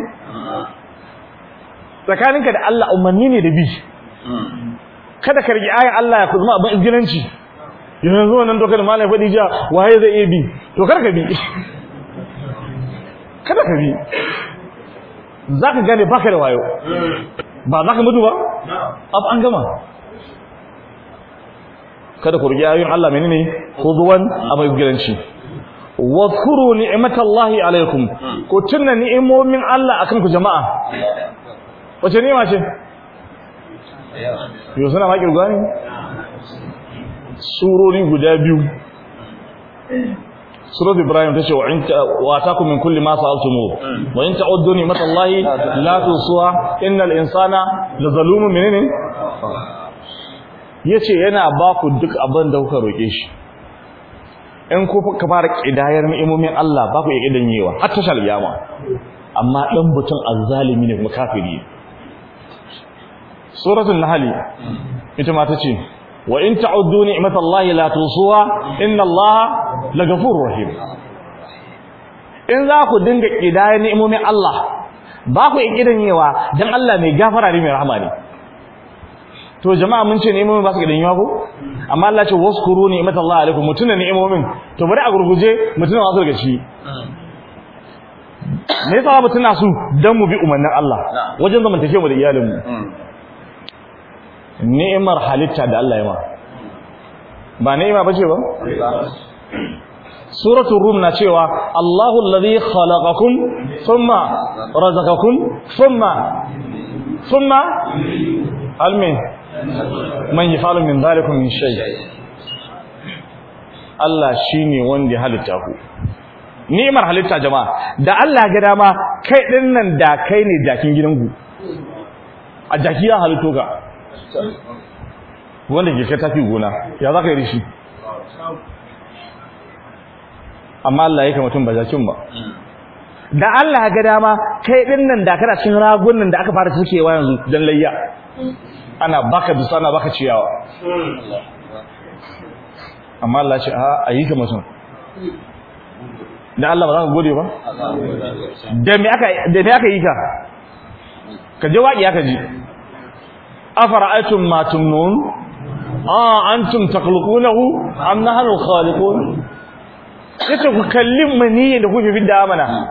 Speaker 1: tsakaninka da Allah umarni ne da bi kada ka rigi ayin Allah ya kuzma abin izgilanci yanzu wannan dokar malam ya faɗi jiya waye zai iya bi to kar ka bi kada ka bi za ka gane baka da wayo ba za ka mutu ba ab an gama kada ku rigi ayoyin Allah menene huzuwan a mai gidanci wadhkuru ni'matallahi alaikum hmm. ku tunna ni'imomin Allah akan ku jama'a wace ni'ima ce yau suna makir gwani surori guda biyu surat ibrahim ta ce, wa in wa min kulli ma sa'altumu wa in ta'uddu ni'matallahi la tusuha innal insana lazalumun menene yace yana ba ku duk abin da kuka roke shi in ku ka fara kidayar ni'imomin Allah ba ku iya kidan yewa har ta shaliyama amma dan butun azzalimi ne kuma kafiri suratul nahl ita ma ta ce, wa in ta'uddu ni'matallahi la tusuha inna allaha lagafur rahim in za ku dinga kidaya ni'imomin Allah ba ku yawa dan Allah mai gafara ne mai rahama ne to jama'a mun ce ni'imomin ba su yawa ko amma Allah ce waskuru Allah alaikum mutuna ni'imomin to bari a gurguje mutuna wasu daga ciki me yasa mu tuna su dan mu bi umarnin Allah wajen zamantake mu da iyalin mu mm. ni'imar halitta da Allah ya ma ba ni'ima bace ba suratul rum na cewa Allahu allazi khalaqakum thumma razaqakum thumma thumma almi man yafalu min dhalikum min shay Allah shine wanda halitta ku ni'imar halitta jama'a da Allah ga dama kai din nan da kai ne jakin gidanku a jaki ya halitto ka wanda ke kai tafi gona ya za ka yi rishi amma Allah yake mutum ba zakin ba da Allah ga dama kai din nan da kana cin ragun nan da aka fara wa yanzu dan layya ana baka bisa ana baka ciyawa amma Allah ce a ayi ka mutum da Allah ba za ka gode ba da me aka da me aka yi ka ka je waki aka ji afara'aytum ma tumnun a antum takhluqunahu am nahnu khaliqun yace ku kallin mani da kuke bidda mana hmm.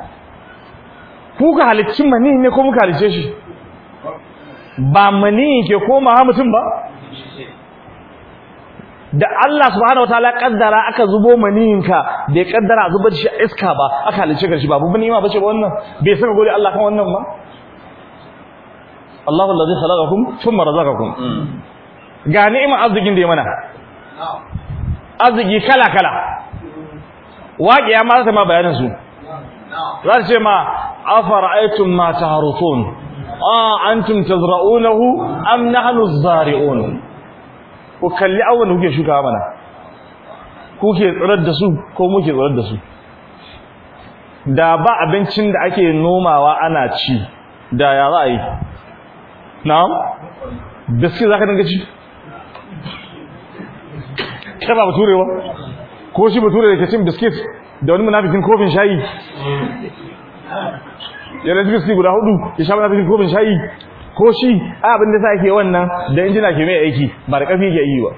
Speaker 1: ku ka halicci mani ne ko muka halicce shi ba mani ke koma ha mutum ba da Allah subhanahu wataala kaddara aka zubo maniyin da bai kaddara zubar shi iska ba aka halicce ka shi ba babu ni'ima bace ba wannan bai san gode Allah kan wannan ba Allahu allazi khalaqakum thumma razaqakum hmm. ga ni'ima arzikin da ya mana arziki kala kala waƙiya ma za ta ma bayanin su
Speaker 2: za
Speaker 1: ta ce ma afara'aytum ma ta harufun a tumta zara'unahu am na hannu zariun ku kalli awon da kuke shuka mana ku ke tsirar da su ko muke tsirar da su da ba abincin da ake nomawa ana ci da ya za a yi na'am biskit za ka dinga ci ta ba turewa ko shi bature da ke cin biskit da wani munafikin kofin shayi yana rasu biskit guda hudu ya sha munafikin kofin shayi ko shi a abin da sa ake wannan da injina ke mai aiki ba da kafi ke yi ba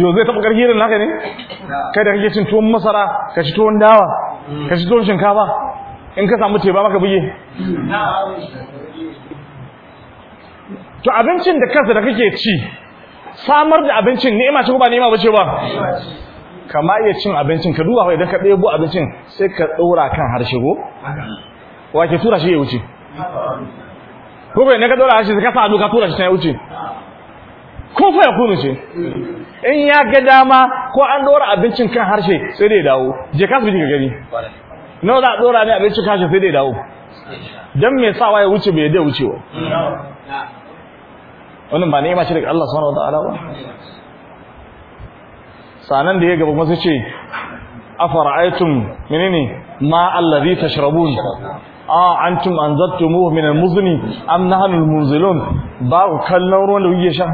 Speaker 1: yau zai taɓa ƙarfi irin naka ne kai da kake cin tuwon masara ka ci tuwon dawa ka ci tuwon shinkafa in ka samu teba maka buge to abincin da kansa da kake ci samar da abincin nema ce ko ba ni'ima ba ce ba kama iya cin abincin ka duba idan ka ɗebo abincin sai ka ɗora kan harshe go wa ke tura shi ya wuce ko kai ne ka ɗora harshe sai ka sa ka tura shi sai ya wuce ko fa ya kunu ce in ya ga dama ko an ɗora abincin kan harshe sai dai dawo je ka su ka gani nawa za a ɗora ne abincin kan harshe sai dai dawo Don me sawa ya wuce bai da wucewa wannan ba ni'ima ce daga Allah subhanahu wataala ba sanan da ya gaba kuma sai ce afara'aytum ne ma allazi tashrabun a antum anzatumuhu min al am nahnu al ba ku kallon ruwan da kuke sha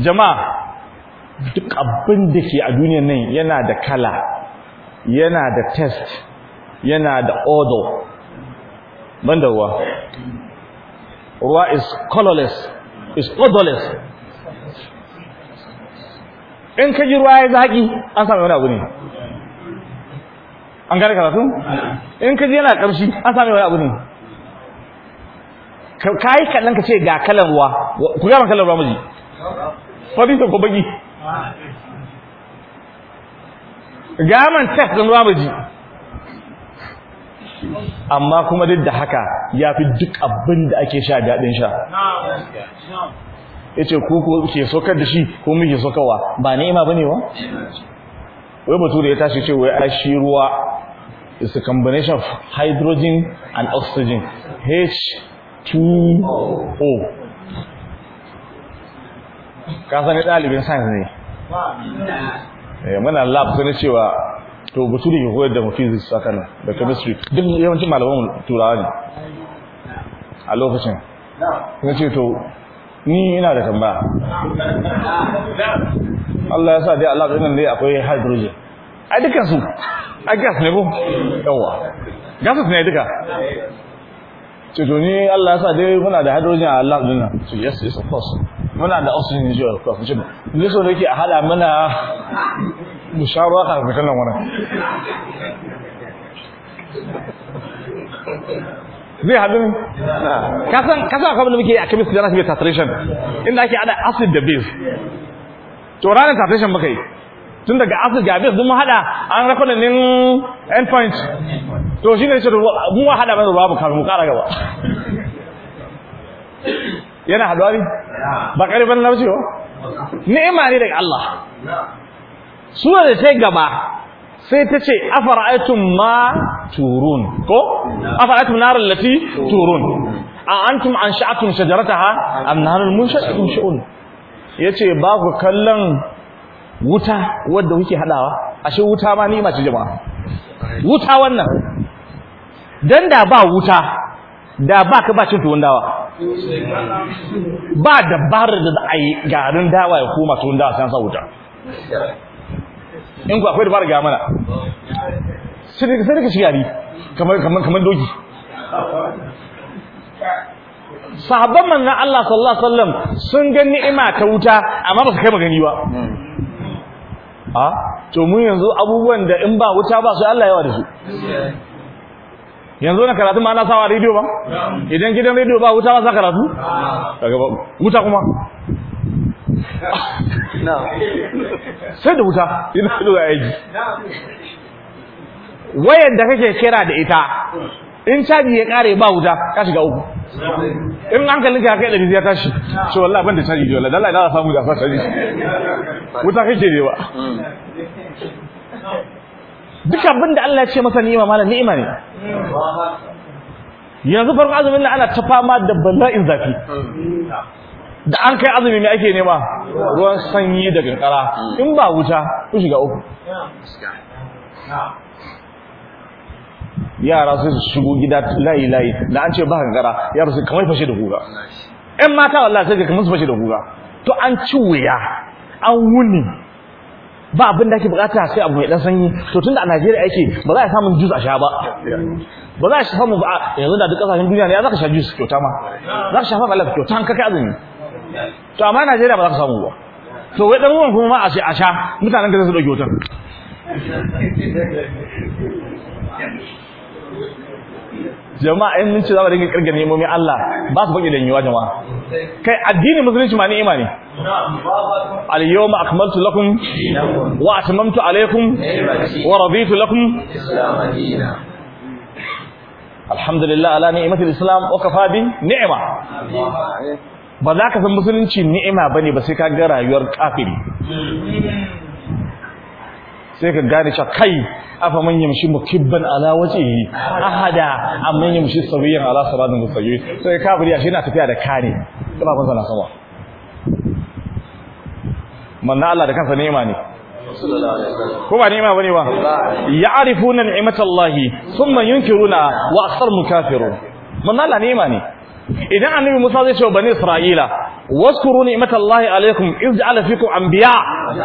Speaker 1: jama'a duk abin da ke a duniyar nan yana da kala yana da test yana da odor ban ruwa Ruwa is colorless, is odorless. In ka ji ruwa ya zaƙi an sami wani abu ne. An gane karatu? In ka ji yana ƙarshi, an sami wani abu ne. Ka yi kaɗan ka ce ga kalan ruwa, ku gama kalan ruwa miji.
Speaker 2: Fadi ta ko baki.
Speaker 1: Gaman tef ɗin ruwa miji.
Speaker 2: amma kuma duk da
Speaker 1: haka ya fi duk abin da ake sha daɗin sha ya ce ku ke sokar da shi ko muke sokarwa ba ni'ima ba ne wa? wai ya tashi ce wai a shi ruwa is a combination of hydrogen and oxygen H2O ka sani ɗalibin science ne eh, muna lab sani cewa to ba su da ke koyar da mu physics haka nan da chemistry duk yawancin malaman turawa ne a lokacin na ce to ni ina da tambaya Allah ya sa dai Allah ɗin dai akwai hydrogen a dukansu. a gas ne ko yawa Gas ne duka ce to ni Allah ya sa dai muna da hydrogen a Allah ɗin nan so yes yes of course muna da oxygen ne of course ne so da yake a hada muna. mu sha ruwa ka fitan nan zai haɗu ne Kasa kasan akwai muke a chemistry da nashi saturation inda ake ada acid da base to ranar saturation muka yi tun daga acid ga base zuma mu haɗa an rakonan nin end point to shi ne ce mu haɗa mana ruwa bukari mu kara gaba yana haɗuwa ne ba ƙarfin lafiya
Speaker 2: ni'ima ne daga Allah
Speaker 1: suna da ta gaba sai ta ce afara'aytum ma turun ko afara'aytum na allati turun a antum ansha'atum mun sha'atun sha'un Ya ce ba ku kallon wuta wadda kuke hadawa ashe wuta ma ni ma jama'a wuta wannan Don da ba wuta da ba ka ba cin tuwon dawa ba dabarar da a yi garin dawa ya koma tuwon dawa sai an sa wuta in ku akwai dabara ga mana sai daga shiga bi kamar doki sahabban manzon Allah sallallahu alaihi wasallam sun ga ni'ima ta wuta amma ba su kai magani ba a ah, to mun yanzu abubuwan da in ba wuta ba su Allah yawa da su yanzu na karatu ma na sawa rediyo ba idan gidan rediyo ba wuta ba za karatu ba wuta kuma
Speaker 2: sai da wuta ina zuwa yaji wayan da kake kira da ita
Speaker 1: in caji ya kare ba wuta ka shiga uku in hankalin ka kai da ya tashi to wallahi ban da caji dole dan Allah ya samu da fa caji wuta kake ne ba duk abin da Allah ya ce masa ni'ima malam ni'ima ne yanzu farko azumin Allah ana ta fama da bala'in zafi da an kai azumi mai ake nema ruwan sanyi da kankara in ba wuta ku shiga uku yara sai su shigo gida layi layi da an ce ba kankara yara sai kamar fashe da guga ƴan mata wallahi sai kamar su fashe da guga to an ci wuya an wuni ba abin da ake bukata sai abu mai dan sanyi to tunda a Najeriya yake ba za a samu jus a sha ba ba za a samu ba yanzu da duk kasashen duniya ne za ka sha jus kyauta ma za ka sha fa Allah kyauta an kai azumi to amma Najeriya ba za ka samu ba to wai dan ruwan kuma ma a sha mutanen da su dauki wutar
Speaker 2: jama'a in mun ce za mu
Speaker 1: dinga kirga nemomin Allah ba su baki da yiwa jama'a kai addini musulunci ma ni'ima ne al yawma akmaltu lakum wa atamamtu alaykum wa raditu lakum alhamdulillah ala ni'matil islam wa kafa bi ni'ma ba za ka san musulunci ni'ima ba ne ba sai ka ga rayuwar kafiri sai ka gane cewa kai afa man yamshi mukibban ala wajhihi ahada amman yamshi sawiyan ala siratin musayyi sai kafiri ashe yana tafiya da kare kana ban sana sama manna Allah da kansa ni'ima ne kuma ba ni'ima bane ba ya'rifuna ni'matallahi thumma yunkiruna wa aktharuhum mukafirun manna Allah ni'ima ne idan annabi Musa zai ce wa bani Isra'ila waskuru ni'matallahi alaikum iz ja'ala fikum anbiya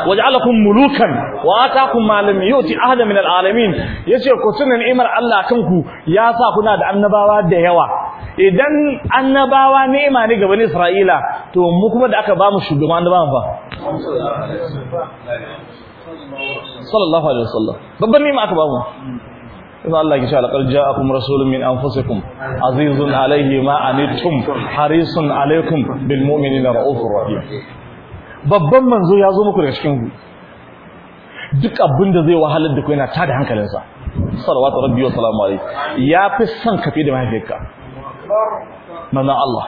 Speaker 1: wa ja'alakum mulukan wa ataakum ma lam yu'ti ahada min alalamin yace ku tuna ni'imar Allah kanku ya sa kuna da annabawa da yawa idan annabawa ni'ima ne ga bani Isra'ila to mu kuma da aka ba mu shugaban annabawan fa sallallahu alaihi wasallam babban ni'ima aka ba mu in Allah ya ja a kuma rasulun min anfusikum azizun alaihi ma anittum harisun alaikun bilmominin na ra'ofin rahim babban manzo ya zo muku daga cikin ku duk abin da zai wahalar da ku yana tada hankalinsa salawatu rabbi wa salamu alayhi ya fi son kafe da mahaifiyarka Mana Allah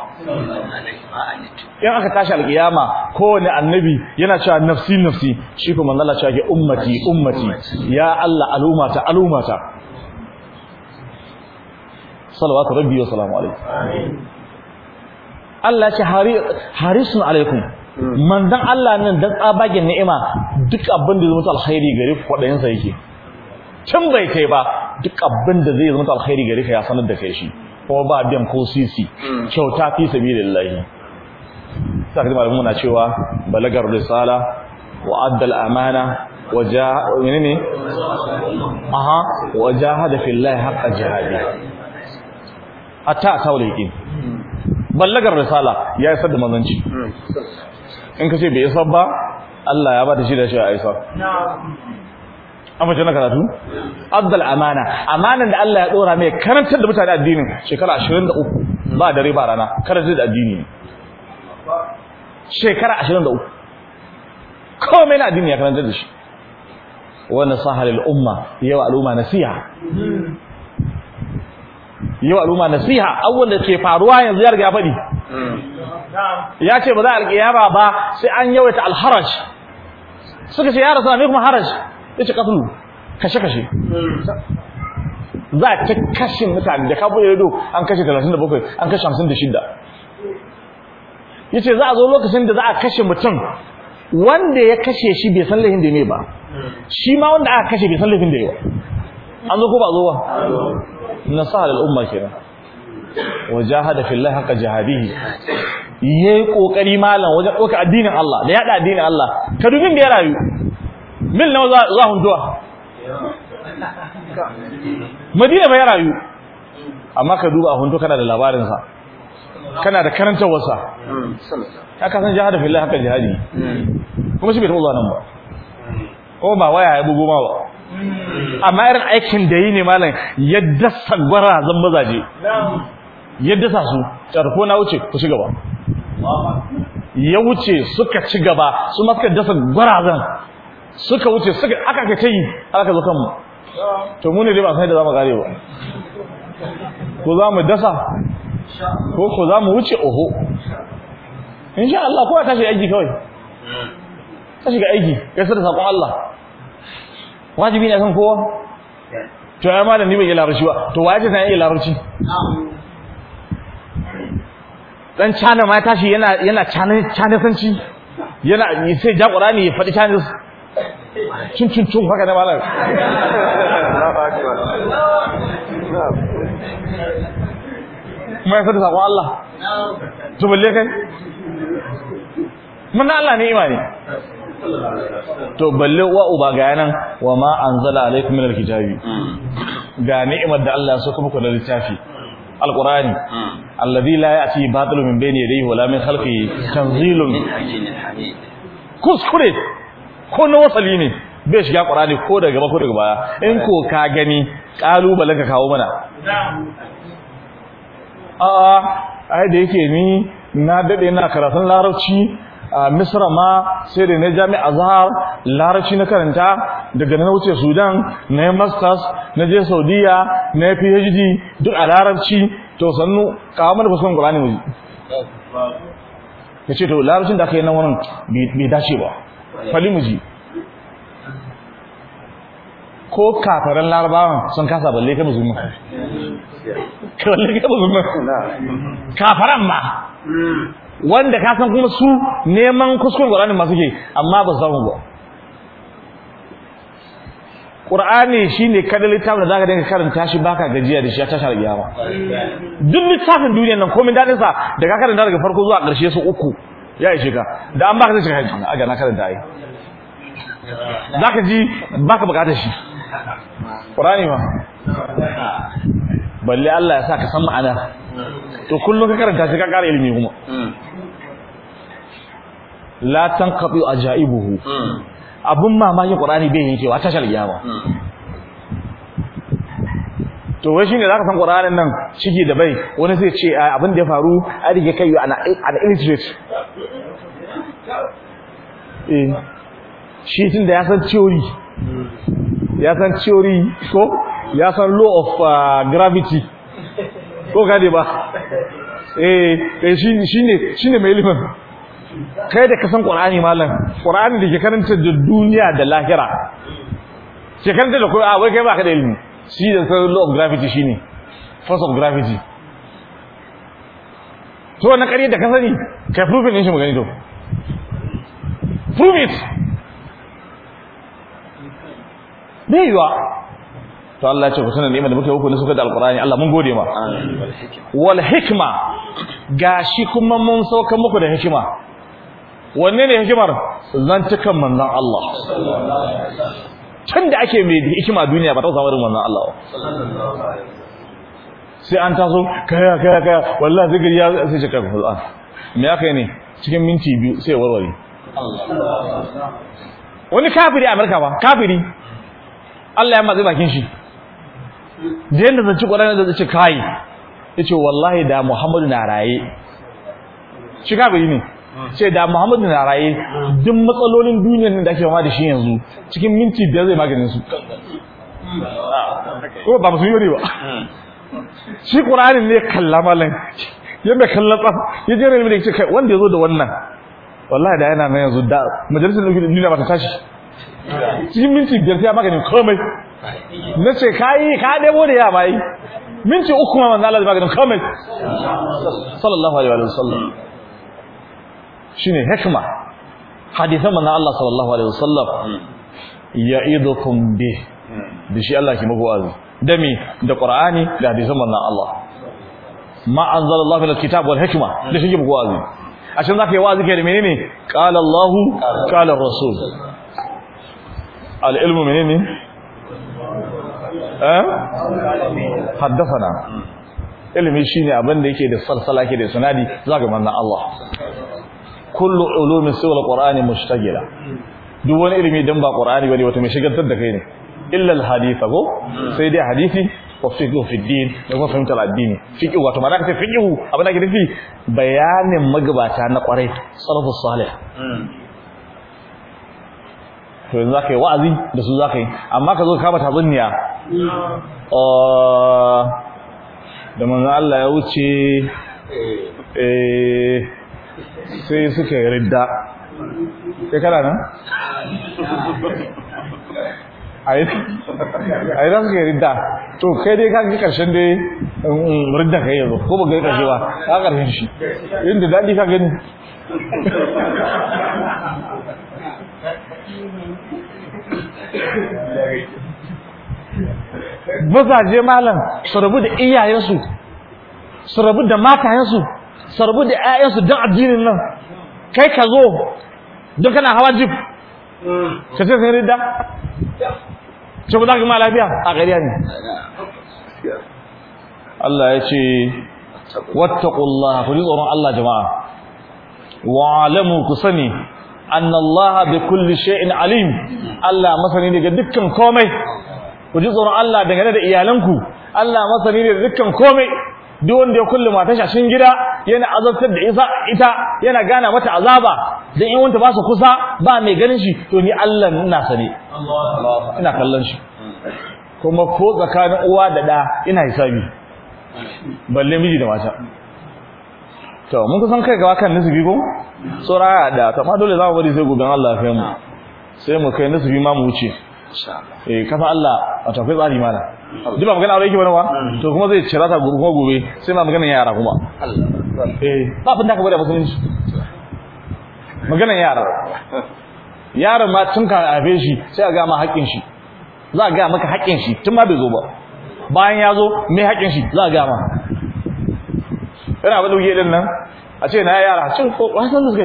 Speaker 1: in aka tashi alƙiyama kowane annabi yana cewa nafsi nafsi shi kuma manzon Allah cewa ummati ummati ya Allah al'umata al'umata salawatu rabbi wa salamu alaikum Allah ce harisun alaikum hmm. manzon Allah nan dan tsabagen ni'ima duk abin da zai mutu alkhairi gare ku kwadayin sa yake tun bai kai ba duk abin da zai mutu alkhairi gare ka ya sanar da kai shi ko ba biyan ko sisi hmm. kyauta fi sabilillahi sai malamu muna cewa balagar risala wa addal amana wa jaa menene aha wa jahada fillahi jihadi hatta kawo laiƙi ballagar risala ya isar da manzanci in ka ce bai isar ba Allah ya ba ta shi da shi a isar an fashe na karatu abdal amana amanan da Allah ya ɗora mai karantar da mutane addinin shekara 23 ba dare ba rana karantar da addini shekara 23 mai na addini ya karantar da shi wannan sahalil umma yawa al'umma siya. yi wa al'umma nasiha abubuwan da ke faruwa yanzu ya riga ya faɗi
Speaker 2: hmm. ya ce ba za a alƙiyama ba sai an yawaita alharaj
Speaker 1: suka ce yara rasu me kuma haraj ya ce katulu kashe kashe za a ta kashe mutane da kafin yado an kashe 37 an kashe 56 ya ce za a zo lokacin da za a kashe mutum wanda ya kashe shi bai san laifin da ne ba hmm. shi ma wanda aka kashe bai san laifin da ya ba an zo ko ba zo ba nasaha lil umma kenan wa jahada fillahi haqqa jihadihi yayi kokari malam wajen doka addinin Allah da yada addinin Allah ka dubin da ya rayu mil nawa za hun zuwa Madina bai rayu amma ka duba hunto kana da labarin sa
Speaker 2: kana da karantawar sa
Speaker 1: ka san jihada fillahi haqqa jihadi kuma shi bai tabbata nan ba ko ba waya ya bugo ma ba amma irin aikin da yi ne malam ya dasa zan mazaje ya dasa su tarko na wuce ku ci gaba ya wuce suka ci gaba su ma suka dasa zan suka wuce suka aka ka tayi aka zo kanmu to mu ne dai ba sai da zamu kare ba ko za mu dasa ko ko za mu wuce oho insha Allah ko ta shi aiki kawai ta shiga aiki kai sai da sakon Allah wajibi ne kan kowa to ya malami bai yi larabci ba to wajibi ce san yi larabci dan cana ma tashi yana yana chana chana sanci yana sai ja qur'ani ya fadi chana cin cin cin haka ne malami mai fadi sako Allah to balle kai mun Allah ne imani to balle wa uba ga yanan wa ma anzala alaikum minal kitabi ga ni'imar da Allah ya so kuma ku da littafi alqurani alladhi la ya'ti batilun min bayni yadayhi wala min khalfihi tanzilun kuskure ko na wasali ne bai shiga qurani ko daga gaba ko daga baya in ko ka gani kalubalen ka kawo mana a'a ai da yake ni na dade ina karatun larabci misra ma sai da na jami'a zahar larashi na karanta daga na wuce sudan na yi masters na je saudiya na yi phd duk a larashi to sannu kawo mana fuskon ƙulani mu ya ce to larashin da aka yi nan wurin bai dace ba fali mu ji ko kafaran larabawan sun kasa balle ka musulmi
Speaker 2: balle ka musulmi
Speaker 1: kafaran ma mm. wanda ka san kuma su neman kuskuren Qur'ani masu ke amma ba su samu ba Qur'ani ne kadar littafin da za ka dinga karanta shi baka gajiya da shi ya tashi da gyara duk littafin duniya nan komai daɗin sa da ka karanta daga farko zuwa ƙarshe su uku ya ishe ka da an baka sai ka aga na karanta ai
Speaker 2: ka ji baka bukatar shi ma
Speaker 1: balle Allah ya sa ka san ma'ana to kullum ka karanta shi ka ƙara ilimi kuma la tan a ja'ibuhu hmm. abin mamakin qur'ani bai cewa tashar kiyama hmm. to wai shine zaka san qur'anin nan shige da bai wani zai ce abin da ya faru a rige kai ana an illiterate eh. shi tun da ya san theory
Speaker 2: hmm.
Speaker 1: ya san theory ko ya san law of uh, gravity ko gade ba eh, eh shi ne mai ilimin kai da kasan qur'ani malam qur'ani da ke karanta da duniya da lahira ke karanta da qur'ani wai kai ka da ilimi shi da law of gravity shine force of gravity to wannan ƙarya da ka sani kai prove din shi mu gani to prove it bai yiwa to Allah ya ce ku sanar ni'imar da muke muku na suka da alqur'ani Allah mun gode ma wal hikma gashi kuma mun sauka muku da hikima wanne ne hikimar zantukan manzon Allah can da ake mai hikima duniya ba ta samu irin manzon
Speaker 2: Allah
Speaker 1: sai an taso kaya kaya kaya wallahi zikir ya sai kai kuma me aka yi ne cikin minti biyu sai warware wani kafiri a Amurka ba kafiri Allah ya matsi bakin shi da yadda zance ƙwararren da zace kai ya ce wallahi da Muhammadu na raye shi kafiri ne ce da Muhammadu na raye duk matsalolin duniyar nan da ake fama da shi yanzu cikin minti biyar zai maganin su ko ba musulmi ne ba shi Qur'anin ne kalla malam ya mai kalla tsaf ya je ne da ce kai wanda yazo da wannan wallahi da yana nan yanzu da majalisar duniya ba ta tashi cikin minti biyar sai maganin komai na ce kayi ka debo da ya yi minti uku ma manzo Allah maganin komai sallallahu alaihi wa sallam shine hikma hadisan manzon Allah sallallahu alaihi wasallam ya'idukum bi da shi Allah ke muku wazi Dami da Qur'ani da hadisan manzon Allah ma anzalallahu min alkitab wal hikma da shi ke muku wazi a cikin zaka yi wazi kai da menene qala Allah qala rasul al ilmu menene eh haddathana ilimi shine abin da yake da salsala yake da sunadi zaka manzon Allah kullu ulumin siwal qur'ani mushtagila duk wani ilimi dan ba qur'ani bane wato mai shigar da kai ne illa al hadith go sai dai hadisi wa fiqhu fi din da kuma fahimtar addini fiqhu wato mana kace fiqhu abin da ke bayanin magabata na kwarai salafus salih to yanzu zaka wa'azi da su zaka amma ka zo ka bata zunniya ah, da manzo Allah ya wuce eh sai suka yi ridda
Speaker 2: sai kana nan? a yi za
Speaker 1: su ridda to kai dai ka ga karshen dai um, ridda ka yi yanzu ko ba ga karshe ba ka karshen shi inda daɗi ka gani Bazaje malam su rabu da iyayensu su rabu da matayensu sarbu da ƴaƴansu don addinin nan kai ka zo don kana hawa jib ka ce sun rida ce ku zaka ma lafiya a gariya ne Allah ya ce wattaqullaha ku ji tsoron Allah jama'a wa alamu ku sani an Allah bi kulli shay'in alim Allah masani daga dukkan komai ku ji tsoron Allah dangane da iyalanku Allah masani ne da dukkan komai duk wanda ya kulle matar shi a cikin gida yana azabtar da isa ita yana gana mata azaba dan in wanta ba su kusa ba mai ganin shi to ni Allah ina sane ina kallon shi kuma ko tsakanin uwa da da ina hisabi balle miji da mata to mun kusan kai gaba kan nisbi ko tsora da to ma dole za mu bari sai gobe Allah ya kai mu sai mu kai bi ma mu wuce eh kafa Allah a tafi tsari mana duk ba magana aure yake bane ba mm. to kuma zai cira ta gurgu kuma gobe sai ma magana yara kuma eh ba abin da ka bari musulunci magana yara yara ma tun ka abe shi sai a ga ma haƙƙin shi za a ga maka hakkin shi tun ma bai zo ba bayan ya zo mai hakkin shi za a ga ma ina ba dauke din nan a ce na yara cin ko wasan da suka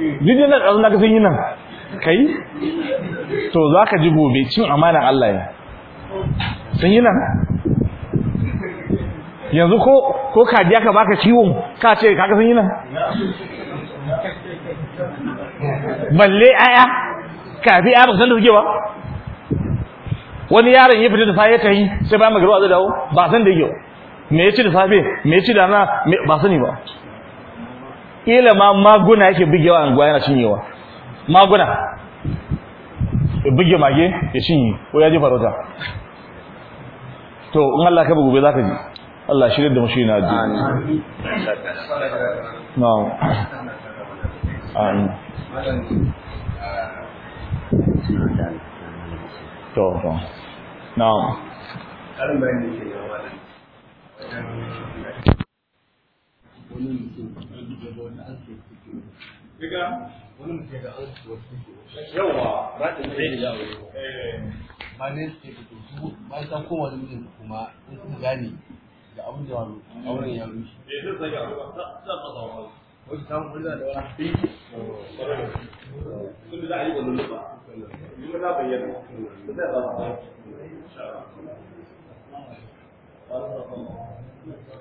Speaker 1: yi jidin nan ɗazun da ka sun yi nan kai to za ka ji gobe cin amanar Allah ya sun yi nan yanzu ko ko kaji aka baka ciwon ka ce kaga sun yi nan
Speaker 2: balle aya
Speaker 1: kafi aya baka san da suke ba wani yaron ya fita da safe ya yi sai bayan magaruwa zai dawo ba san da yake ba me ya ci da safe me ya ci da rana ba sani ba kila ma maguna yake bugewa anguwa yana cinyewa maguna ya buge mage ya cinye ko ya je farauta to in Allah ka gobe zaka ji Allah shirye da mushi na ji
Speaker 2: amma ne suke da su bayan san kowane mijin kuma in sun gane da abin da wani auren ya rushe. da a da ya zama.